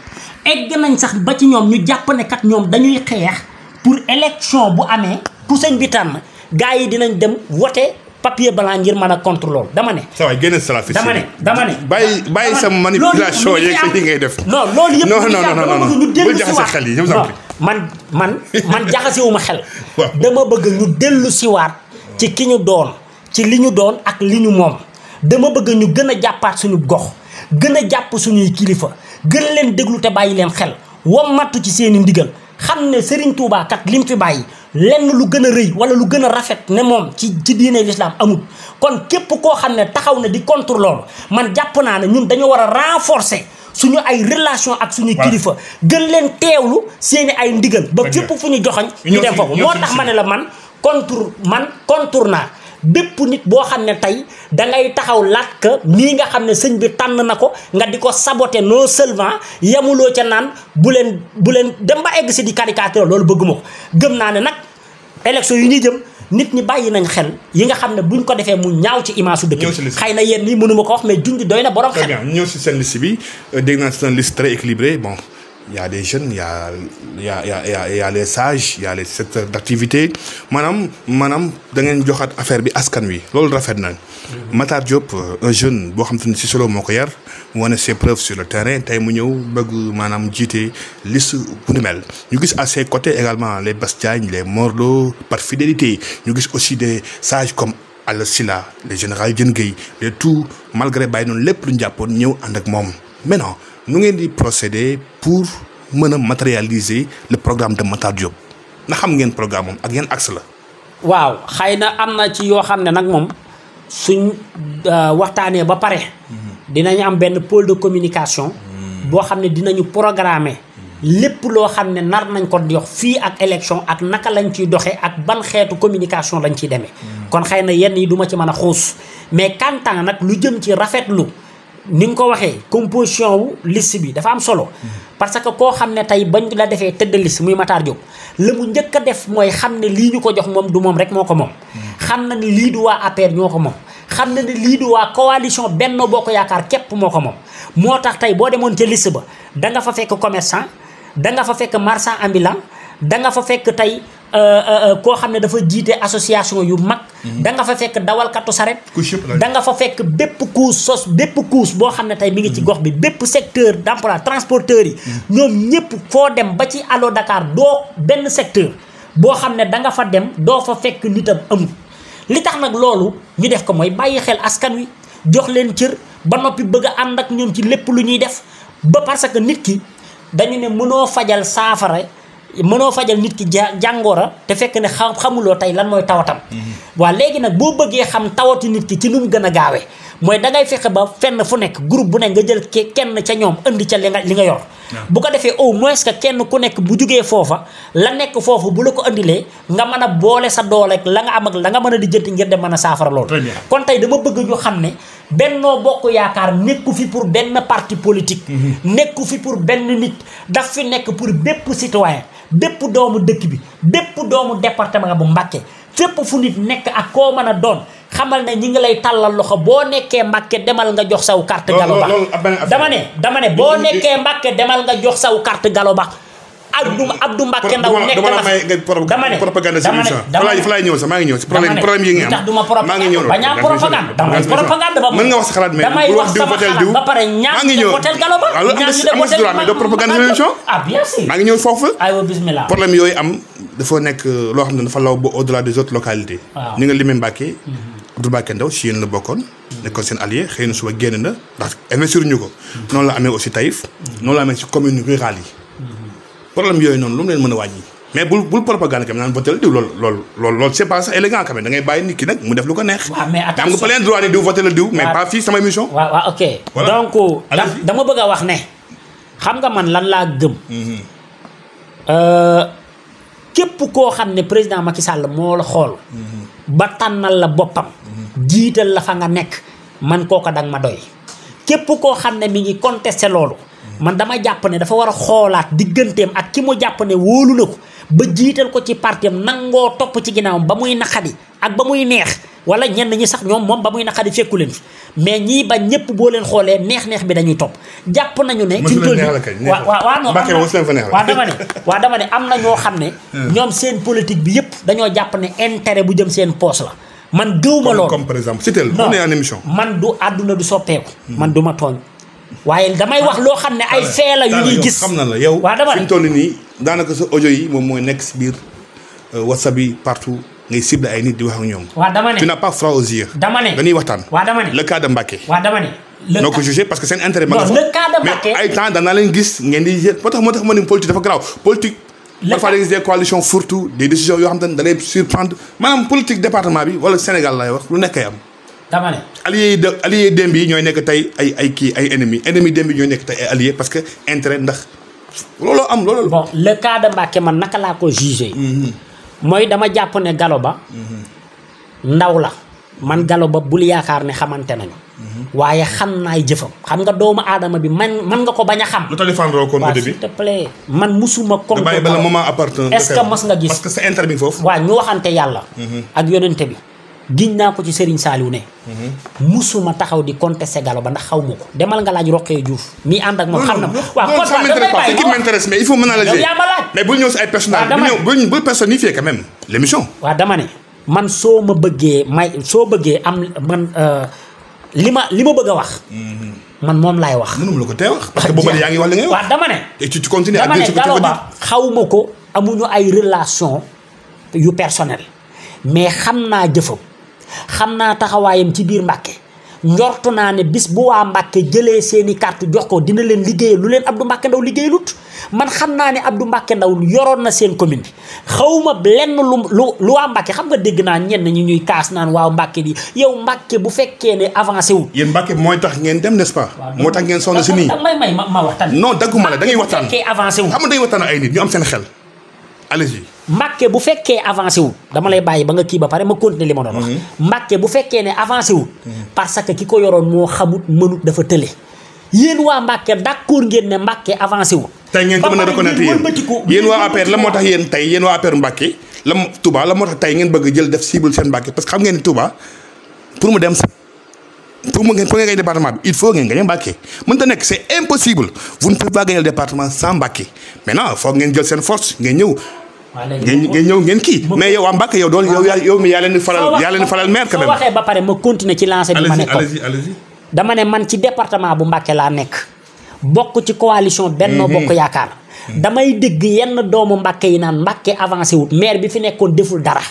egg nañ sax ba ci ñoom ñu jàpp ne kat ñoom dañuy xeex pour élection bu amee pour sëñ bi tànn gars yi dinañ dem voté papier blanc ngir mën a contre loolu dama ne. saa waay génne salafiste dama ne dama ne. bàyyi bàyyi sa man yeeg sa yi ngay def. non loolu yëpp non non non non ñu dellu si waat xel yi man man man jaxasewuma xel. dama bëgg ñu dellu siwaar ci ki ñu doon ci li ñu doon ak li ñu moom dama bëgg ñu gën a jàppaat suñu gox gën a jàpp suñuy kilifa. gën leen déglu te bàyyi leen xel wommattu ci seeni ndigal xam ne Serigne Touba lim fi bàyyi lenn lu gën a rëy wala lu gën a rafet ne moom ci ci diine l'islam amut kon képp koo xam ne taxaw na di contre loolu man jàpp naa ne ñun dañoo war a renforcer suñu ay relation ak suñu kilifa gën leen teewlu seeni ay ndigal ba fépp fu ñu joxoñ ñu dem foofu moo tax ma ne la man contre man contre naa bépp nit boo xam ne tey dangay taxaw laat ka lii nga xam ne sëñ bi tànn na ko nga di ko saboté noo seulement yamuloo ca naan bu leen bu leen dem ba egg si di caricature loolu bëgguma ko gëm naa ne nag élection yi ñuy jëm nit ñi bàyyi nañ xel yi nga xam ne buñ ko defee mu ñaaw ci image su dëkk xëy na yéen nii mënuma ko wax mais junj doy na borom xel ñëw si seen liste bi euh, dégg naa seen liste très équilibré bon y a des jeunes y a y a y a y a les sages y d'activité maanaam maanaam da ngeen joxaat affaire bi askan wi loolu rafet na. Mhm. Matar Diop un jeune boo xam te ne si solo moo ko yar wane ses preuves sur le terrain tey mu ñëw bëgg maanaam jiite liste bu nu mel. ñu gis à ses côtés également les Bass Diagne les Morlo par fidélité ñu gis aussi des sages comme. Alla Sylla le général Diène Gueye le tout malgré bàyyi noonu lépp lu ñu jàppoon ñëw ànd ak moom maintenant nu ngeen di procéder pour mën a matérialiser le programme de Matar Diop na xam ngeen programme ak yenn axe la. waaw xëy na am na ci yoo xam ne nag moom suñ euh, waxtaanee ba pare. Mhm. dinañ am benn pole de communication. Mhm. boo xam ne dinañu programme lépp loo xam ne nar nañ ko yox fii ak élection ak naka lañ ciy doxee ak ban xeetu communication lañ ciy demee. Mhm. kon xëy na yenn yi duma ci mën a xuus mais kantaan nag lu jëm ci rafetlu. ni nga ko waxee composition wu list bi dafa am solo. parce que koo xam ne tey bañ la defee tëdd liste muy mataar Diop. la mu njëkk a def mooy xam ne lii ñu ko jox moom du moom rek moo ko moom. xam na ni lii du waa APR ñoo ko moom. xam na ni lii du waa coalition boo ko Yaakaar képp moo ko moom. moo tax tey boo demoon ca liste ba da nga fa fekk commerçant danga fa fekk marchand ambulant. da nga fa fekk tey euh, euh, euh, koo xam ne dafa jiite association yu mag. Mhm. da nga fa fekk dawalkatu saret da nga fa fekk bépp couche sos bépp couche boo xam ne tey mi ngi ci mhm. gox bi bépp secteur d'emploi transporteurs yi. Mhm. ñoom ñëpp foo dem ba ci Allo dakaar doo benn secteur boo xam ne da nga fa dem doo fa fekk nitam amul. li tax nag loolu ñu def ko mooy bàyyi xel askan wi jox leen cër ba noppi bëgg a ànd ak ñoom ci lépp lu ñuy def ba parce que nit ki dañu ne mënoo fajal saafara. mënoo fajal nit ki ja jàngoora te fekk ne xam xamuloo tey lan mooy tawatam. Mm-hmm. waa léegi nag boo bëggee xam tawati nit ki ci nu mu gën a gaawee mooy dangay fexe ba fenn fu nekk groupe bu nekk nga jël kenn ca ñoom indi ca li li nga yor. bu ko defee au moins que kenn ku nekk bu jugee foofa la nekk foofu bu la ko indilee nga mën a boole sa doole la nga am ak la nga mën a di jënti ngir dem mën a saafara lool. kon tey dama bëgg ñu xam ne bennoo Bokk Yaakaar nekku fi pour benn parti politique. Mm-hmm. nekku fi pour benn nit daf fi nekk pour bépp citoyen dépp doomu dëkk bi dépp doomu département bu Mbàkke fépp fu nit nekk ak koo mën a doon xamal ne ñi ngi lay tàllal loxo boo nekkee Mbàkke demal nga jox saw kart Gallo dama ne dama ne boo nekkee Mbàkke demal nga jox saw carte Gallo Ba Abdou Abdou Mbacke Ndaw nekk na propagande dama fa laay ñëw sax maa ngi ñëw si problème yi nga am tax duma propagande ba ñaa propagande ba mën nga wax sa xalaat mais damay wax sama xalaat ba pare ñaan ngi ñëw hôtel Galo Ba ñaan ñu dem hôtel mais doo propagande sa émission ah maa ngi ñëw foofu aywa yooyu am dafa nekk euh, loo xam ne dafa law ba au delà des autres localités ñu nga limee Mbacke mm-hmm. Abdou Mbacke Ndaw si yéen la bokkoon mm-hmm. nekkoon seen allié xëy na suba génn na ndax investir ñu ko mm-hmm. noonu la amee aussi Taïf noonu la amee si commune rurale yi problème yooyu noonu lu mu leen mën a wàññi mais bul bul propagande kam naan votel diw loolu loolu loolu loolu c'est pas ça élégant ngay bàyyi nit ki nag mu def lu ko neex. waaw mais attention am nga plein droit ne diw votel diw. mais pas fii donc. Euh, dama bëgg a wax ne. xam nga man lan laa gëm. Mhm. Euh, képp koo xam ne président Macky sàll moo la xool. Mhm. ba tànnal la boppam. Mhm. jiital la fa nga nekk man kooka danga ma doy. képp koo xam ne mi ngi contesté loolu. man dama jàpp ne dafa war a xoolaat digganteem ak ki mu jàpp ne wóolu na ko ba jiital ko ci partiam nangoo topp ci ginnaawam ba muy naqadi ak ba muy neex wala ñenn ñi sax ñoom moom ba muy naqadi fekku leen fi mais ñi ba ñëpp boo leen xoolee neex-neex bi dañuy topp jàpp nañu ne ci tool waaw waaw non waaw dama ne am na ñoo xam ne hmm. ñoom seen politique bi yëpp dañoo jàpp ne intérêt bu jëm seen poos la man gëwma loolu comme par exemple c'était on est émission man du àdduna du soppeeku hmm. man du ma tooñ waaye damay wax loo xam ne ay fee ah la gis xam na la yow waaw dama fi nii daanaka sa audio yi moom mooy nekk si biir euh, whatsapp yi partout ngay cible ay nit di wax ak ñoom. waaw dama ne tu n'as pas ne dañuy waxtaan. waaw ko jugé parce que seen intérêt. ma nga fa le cas de Mbacké ay temps danaa leen gis ngeen di yéen moo tax moo tax ma ne politique dafa garaaw politique. parfois da ngay gis des coalitions surtout des yoo xam te ne da lay surprendre maanaam politique bi wala Sénégal lay wax lu am dama ne. alliés yi de alliés démb yi ñooy nekk tey ay ay kii ay ennemis ennemis démb yi ñooy nekk tey ay alliés parce que intérêt ndax looloo am looloo. bon le cas de man naka laa ko jugé. Mhm. mooy dama jàpp ne Gallo Ba. Mhm. ndaw la man Gallo Ba bul yaakaar ne xamante nañu. Mhm. waaye xam naay jëfam. xam nga doomu aadama bi man man nga ko bañ a xam. lu tax défendre kon au début s'il te plaît. man musuma comme que. est-ce que mos nga gis. que sa bi foofu. waaw ñu waxante yàlla. ak yonente bi. giñ naa ko ci Serigne Saliou ne. Mhm. musuma taxaw di contester galo Ba ndax xaw ma ko. demal nga laaj Rokhaya Diouf. mi ànd ak moom xam na ko. waaw kon waaw damay bàyyi non mais il ma ñëw ay personnalités. waaw dama ne bul personnifier quand man soo ma bëggee may soo bëggee am man euh, li ma li ma bëgg a wax. Mhm. man moom laay wax. mënuma ko tee wax. parce que boobu ngay wax. waaw dama ne. et tu continues à dama ne Gallo Ba xaw ma ko amuñu ay relation yu personnel mais xam naa jëfam xam naa taxawaayam ci biir Mbàkke njortu naa ne bis bu waa Mbàkke jëlee seeni carte jox ko dina leen liggéeyal lu leen Abdou Mbàkke Ndaw liggéey lu man xam naa ne Abdou Mbàkke Ndaw yoroon na seen commune bi xawma lenn lu lu lu waa Mbàkke xam nga dégg naa ñenn ñi ñuy kaas naan waaw Mbàkke bi yow Mbàkke bu fekkee ne avancé wul yéen Mbàkke mooy tax ngeen dem n'est-ce moo tax ngeen sonn si nii may ma waxtaan non dagguma la da ngay waxtaan fekkee avancé wul xam nga dañuy waxtaan ay nit ñu xel allez-y Mbàkke bu fekkee avancé wul dama lay bàyyi ba nga kii ba pare ma continuer li ma doon wax Mbàkke mhm. bu fekkee ne avancé wul mhm. parce que ki ko yoroon moo xamut mënut dafa tële yéen waa Mbàkke d'accord ngeen ne Mbàkke avancé wul tey ngeen ko mën a reconnaître yéen yéen waa APR la moo tax yéen tey yéen waa APR Mbàkke la Touba la moo tax tey ngeen bëgg jël def cible seen Mbàkke parce que xam ngeen ni pour mu dem sax pour mu ngeen pour ngeen gagner département bi il faut ngeen gagner Mbacké mënta nekk c'est impossible vous ne pouvez pas gagner le seen force ngeen ñëw. ngeen ñëw ngeen kii mais yow waa Mbacké yow doon yow yow yaa leen di faral yaa leen di faral maire quand ba pare ma continuer ci lancer bi ma nekkoon dama ne man ci département bu Mbacké laa nekk bokk ci coalition Benno mhm. Bokk Yaakaar. Mhm. damay dégg yenn doomu Mbacké yi naan Mbacké avancé wut maire bi fi nekkoon deful dara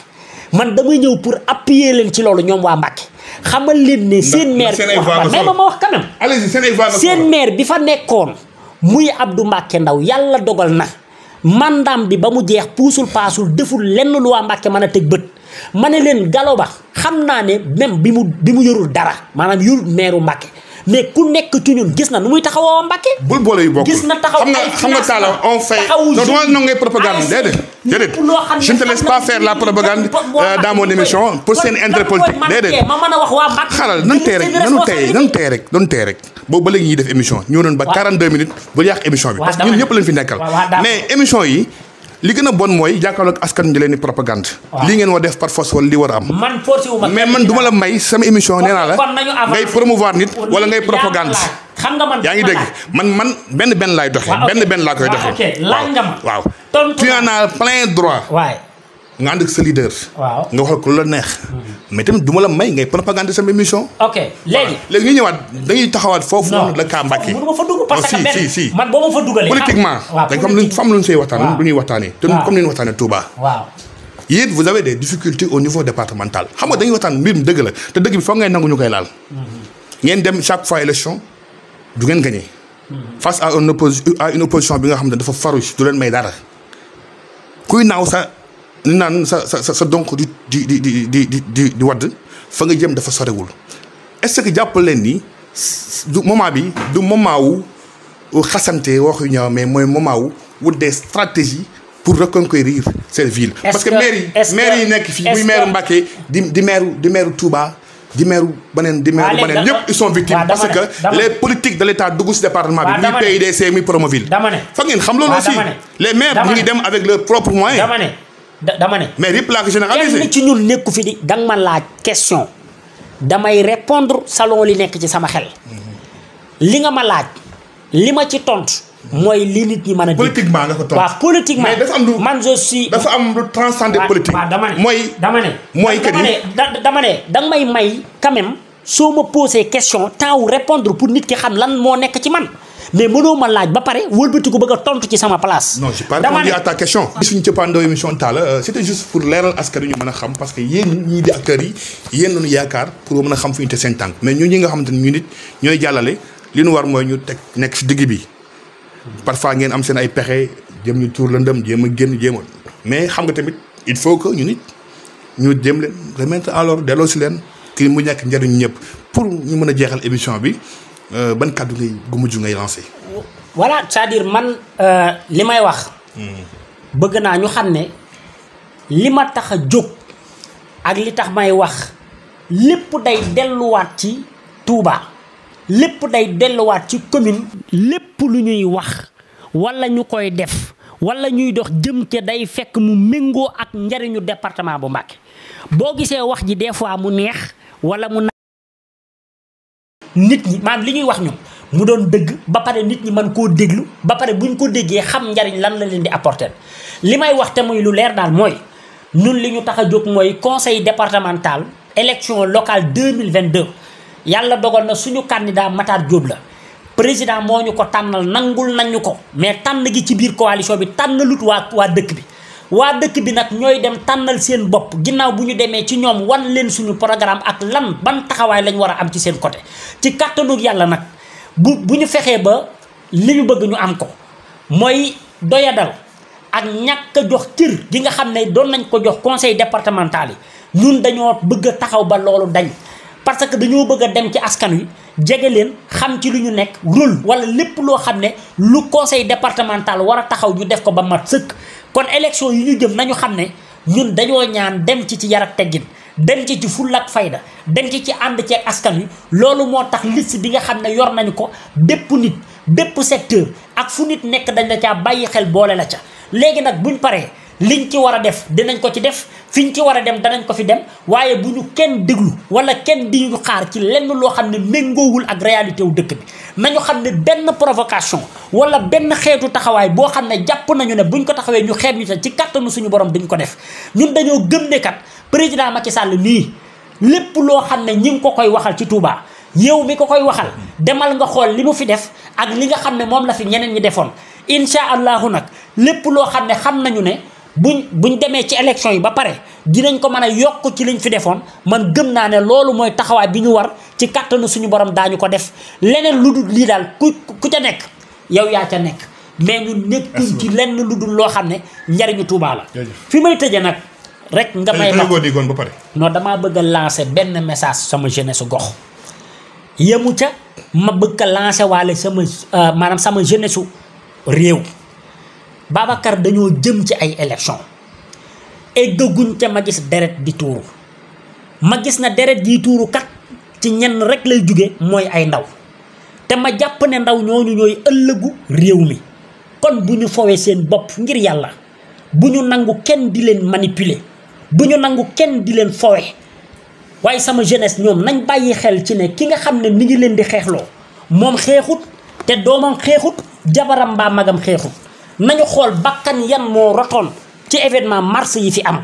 man damay ñëw pour appuyer leen ci loolu ñoom waa Mbacké xamal leen ne seen maire mais ma ma wax quand même allez seen ay voix seen maire bi fa nekkoon muy du Mbacke Ndaw yàlla dogal na mandam bi ba mu jeex puusul paasul deful lenn lu waa Mbacke mën a teg bët ma ne leen Galo Ba xam naa ne même bi mu bi mu yorul dara maanaam yorul maireu Mbacke mais ku nekk ci ñun gis na nu muy taxawoo Mbàkke. bul boole yu bokkul na taxaw xam nga xam nga on fait non non non ngay propagande déedéet. déedéet je ne te pas faire la propagande euh, dans mon émission pour seen intérêt politique déedéet. ma mën a wax waa Mbàkke xaaral nan tey rek nanu tey nan tey rek doon tey rek boobu ba léegi ñuy def émission ñëw nañu ba 42 minutes ba yàq émission bi parce que ñun ñëpp lañ fi nekkal mais émission yi li gën a bon mooy jàkkaarloog askan ñu propagande. lii ngeen war def par force wala li war a am. mais man du la may sama émission nee la ngay promouvoir nit wala ngay propagande. yaa ngi dégg man man benn benn laay doxee. benn benn laa koy doxee. waaw waaw. tu en as plein droit. nga ànd ak sa la neex. Mm-hmm. mais tamit du ma la may ngay propagande sama émission. ok léegi léegi ñu dañuy taxawaat foofu. la kaa Mbàkke. mënu ma fa dugg parce que si si man boo ma fa dugalee. politiquement am lu ñuy waxtaanee. te comme ni ñu waxtaanee Touba. waaw yéen vous avez des difficultés au niveau départemental xam nga dañuy waxtaan mbir mi dëgg la te dëgg bi foog ngay nangu ñu koy laal. Mm-hmm. ngeen dem chaque fois élection du ngeen gagné. Mm-hmm. face à une opposition à une bi nga xam ne dafa farouche du leen may a kuy naaw sa li naan sa sa sa donc di di di di di di di wadd fa nga jëm dafa sorewul est-ce que jàpp leen ni du moment bi du moment wu xasante wax yu mais mooy moment wu wut des stratégies pour reconquérir cette ville. parce que maire yi yi nekk fii muy maire Mbacké di di maire di maire Touba. di meeru beneen di meeru beneen ñëpp ils parce que les politiques de l'état dugg ci département bi muy de muy Promoville. dama ngeen xam loolu aussi les maires mu ngi dem avec leurs propres dama ne. mais RIP laa ko généralisé ci ñun nekku fi di danga ma laaj question damay répondre selon li nekk ci sama xel. Mhm. li nga ma laaj li ma ci tontu. mooy li nit ñi mën a. politiquement nga ko tontu waaw politiquement. mais dafa am lu man je suis. dafa am lu transcender politique. dama mooy. dama ne mooy que ni dama ne danga may may quand soo ma posé question temps wu répondre pour nit ki xam lan moo nekk ci man. mais mënoo ma laaj ba pare wëlbatiku bëgg a tontu ci sama place. non j'ai pas répondu à ta question. suñu cëppaandoo émission Talla euh, c'était juste pour leeral askan ñu mën a xam parce que yéen ñii di acteurs yi yéen yaakaar pour mën a xam fu ñu te seen tànk mais ni ñu ñooy jàllale li ñu war mooy ñu teg nekk si digg bi parfois ngeen am seen ay pexe jëm ñu tuur lëndëm jéem a génn jéem mais xam nga tamit il faut que ñu nit ñu jëm leen remettre alors delloo si leen kii mu nekk njëriñ ñëpp pour ñu mën a jeexal émission bi Euh, ban kàddu ngay gu mujj ngay lancé. voilà c'est-à-dire man euh, li may wax. bëgg naa ñu xam ne li ma tax a jóg ak li tax may wax lépp day delluwaat ci tuubaa lépp day delluwaat ci commune. lépp lu ñuy wax walla ñu koy def walla ñuy dox jëm ca day fekk mu méngoo ak njariñu département bu Mbacké boo gisee wax ji des fois mu neex walla mu. nit ñi maanaam li ñuy wax ñun mu doon dëgg ba pare nit ñi man koo déglu ba pare buñ ko déggee xam njariñ lan la leen di apporter li may wax te muy lu leer daal mooy ñun li ñu tax a jóg mooy conseil départemental élection locale 2022 yàlla dogal na suñu candidat Matar jóob la président moo ñu ko tànnal nangul nañu ko mais tànn gi ci biir coalition bi tànn lut waa waa dëkk bi waa dëkk bi nag ñooy dem tànnal seen bopp ginnaaw bu ñu demee ci ñoom wan leen suñu programme ak lan ban taxawaay lañ war a am ci seen côté ci kàttanug yàlla nag bu bu ñu fexee ba li ñu bëgg ñu am ko mooy doyadal ak ñàkk jox cër gi nga xam ne doon nañ ko jox conseil départemental yi ñun dañoo bëgg a taxaw ba loolu dañ parce que dañoo bëgg a dem ci askan wi jege leen xam ci lu ñu nekk rôle wala lépp loo xam ne lu conseil départemental war a taxaw ñu def ko ba mat sëkk kon élection yi ñu jëm nañu xam ne ñun dañoo ñaan dem ci ci yar ak teggin dem ci ci fulla ak fayda dem ci ci ànd ceeg askan wi loolu moo tax liste bi nga xam ne yor nañu ko bépp nit bépp secteur ak fu nit nekk dañ la caa bàyyi xel boole la ca léegi nag buñ paree. liñ ci war a def dinañ ko ci def fi ñu ci war a dem danañ ko fi dem waaye bu ñu kenn déglu wala kenn di ñu xaar ci lenn loo xam ne méngoowul ak réalité wu dëkk bi nañu xam ne benn provocation wala benn xeetu taxawaay boo xam ne jàpp nañu ne bu buñ ko taxawee ñu xeet ñu te ci kàttanu suñu borom dañ ko def ñun dañoo gëm ne kat président Macky Sall nii lépp loo xam ne ñi ngi ko koy waxal ci Touba yow mi ko koy waxal demal nga xool li mu fi def ak li nga xam ne moom la fi ñeneen ñi defoon incha allahu nag lépp loo xam ne xam nañu ne bu ñu demee ci élection yi ba pare dinañ ko mën a yokk ci liñ fi defoon man gëm naa ne loolu mooy taxawaay bi ñu war ci kàttanu suñu borom ñu ko def leneen lu dul lii daal ku ku ca nekk yow yaa ca nekk mais ñu nekkuñ ci lenn lu dul loo xam ne njariñu Tuubaa la fi may tëje nag rek nga may ma ba pare non damaa bëgg a benn message sama jeunesse gox yemu ca ma bëgg a lancer waale sama euh, maanaam sama jeunesse réew Babacar dañoo jëm ci ay élection eggaguñ ca ma gis deret di tuuru ma gis na deret di tuurukat ci ñenn rek lay jóge mooy ay ndaw te ma jàpp ne ndaw ñooñu ñooy ëllëgu réew mi kon bu ñu fowee seen bopp ngir yàlla bu ñu nangu kenn di leen manipuler bu ñu nangu kenn di leen fowe waaye sama jeunesse ñoom nañ bàyyi xel ci ne ki nga xam ne mi ngi leen di xeexloo moom xeexut te doomam xeexut jabaram mbaa magam xeexut nañu xool bakkan yan moo rotoon ci événement mars yi fi am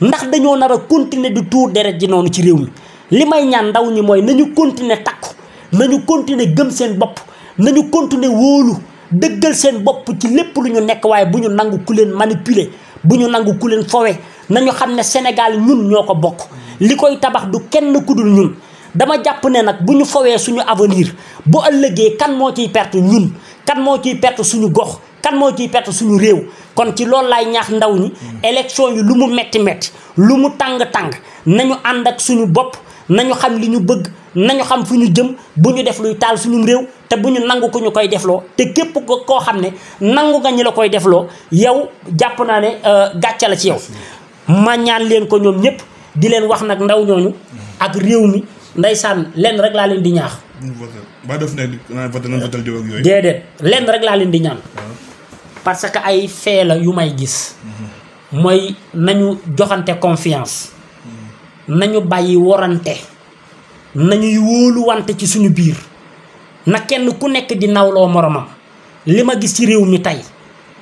ndax dañoo nar a continuer di tuur deret ji noonu ci réew mi li may ñaan ndaw ñi mooy nañu continuer takku nañu continuer gëm seen bopp nañu continuer wóolu dëggal seen bopp ci lépp lu ñu nekk waaye bu ñu nangu ku leen manipuler bu ñu nangu ku leen fowe nañu xam ne Sénégal ñun ñoo ko bokk li koy tabax du kenn ku dul ñun dama jàpp ne nag bu ñu fowee suñu avenir bu ëllëgee kan moo ciy perte ñun kan moo ciy perte suñu gox kan mooy ciy perte suñu réew kon ci loolu laay ñaax ndaw ñi élection yi lu mu metti metti lu mu tàng-tàng nañu ànd ak suñu bopp nañu xam li ñu bëgg nañu xam fu ñu jëm bu ñu def luy taal suñu réew te bu ñu nangu ko ñu koy defloo te képp koo xam ne nangu nga ñu la koy defloo yow jàpp naa ne euh, gàcce la ci yow ma ñaan leen ko ñoom ñëpp di leen wax nag ndaw ñooñu ak réew mi ndeysaan lenn rek laa leen di ñaax. ba def ne voté nañ voté ak yooyu. déedéet lenn rek laa leen di ñaan. parce que ay fee la yu may gis mooy nañu joxante confiance nañu bàyyi warante nañuy wóoluwante ci suñu biir na kenn ku nekk di nawloo moromam li ma gis ci réew mi tey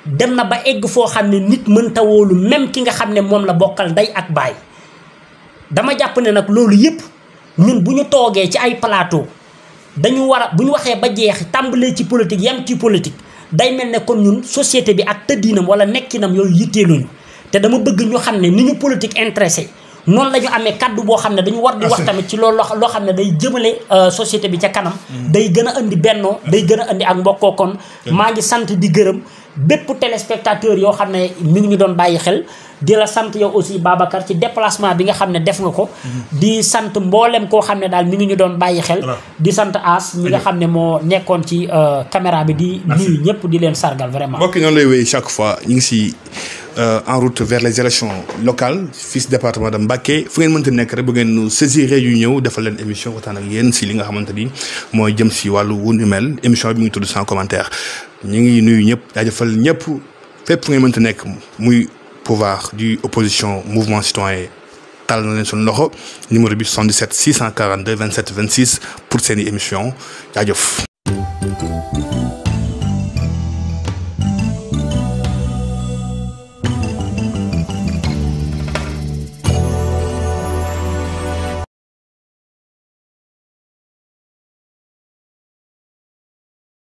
dem na ba egg foo xam ne nit mënta wóolu même ki nga xam ne moom la bokkal day ak baay dama jàpp ne nag loolu yépp ñun bu ñu toogee ci ay plateau dañu war a bu ñu waxee ba jeex tàmbalee ci politique yam ci politique day mel ne kon ñun société bi ak tëddiinam wala nekkinam yooyu ñu te dama bëgg ñu xam ne ni ñu politique intéressé noonu lañu amee kàdd boo xam ne dañu war di wax tamit ci loolu loo xam ne day jëmale euh, société bi ca kanam mm. day gën a indi bennoo day gën a indi ak mbokkoo kon maa ngi sant di gërëm bépp téléspectateur yoo xam ne mu ngi ñu doon bàyyi xel di la sant yow aussi Babacar ci déplacement bi nga xam ne def nga ko mhm. di sant mboolem koo xam ne daal mi ngi ñu doon bàyyi xel di sant As mi nga xam ne moo nekkoon ci euh, caméra bi di nuyu ñëpp di leen sargal vraiment mbokk noonu lay wéy chaque fois ñu ngi si euh, en route vers les élections fii si département de Mbacké fu ngeen mënta nekk rek bu ngeen nu saisir yu ñëw defal leen émission waxtaan ak yéen si li nga xamante ni mooy jëm si wàllu wun mel émission bi mu ngi tudd sans commentaire ñu ngi nuyu ñëpp jaajëfal ñëpp fépp fu ngeen mënta nekk muy pouvoir du opposition mouvement citoyen tàll na leen suñu loxo numéro bi 77 642 27 26 pour seeni émission jaajëf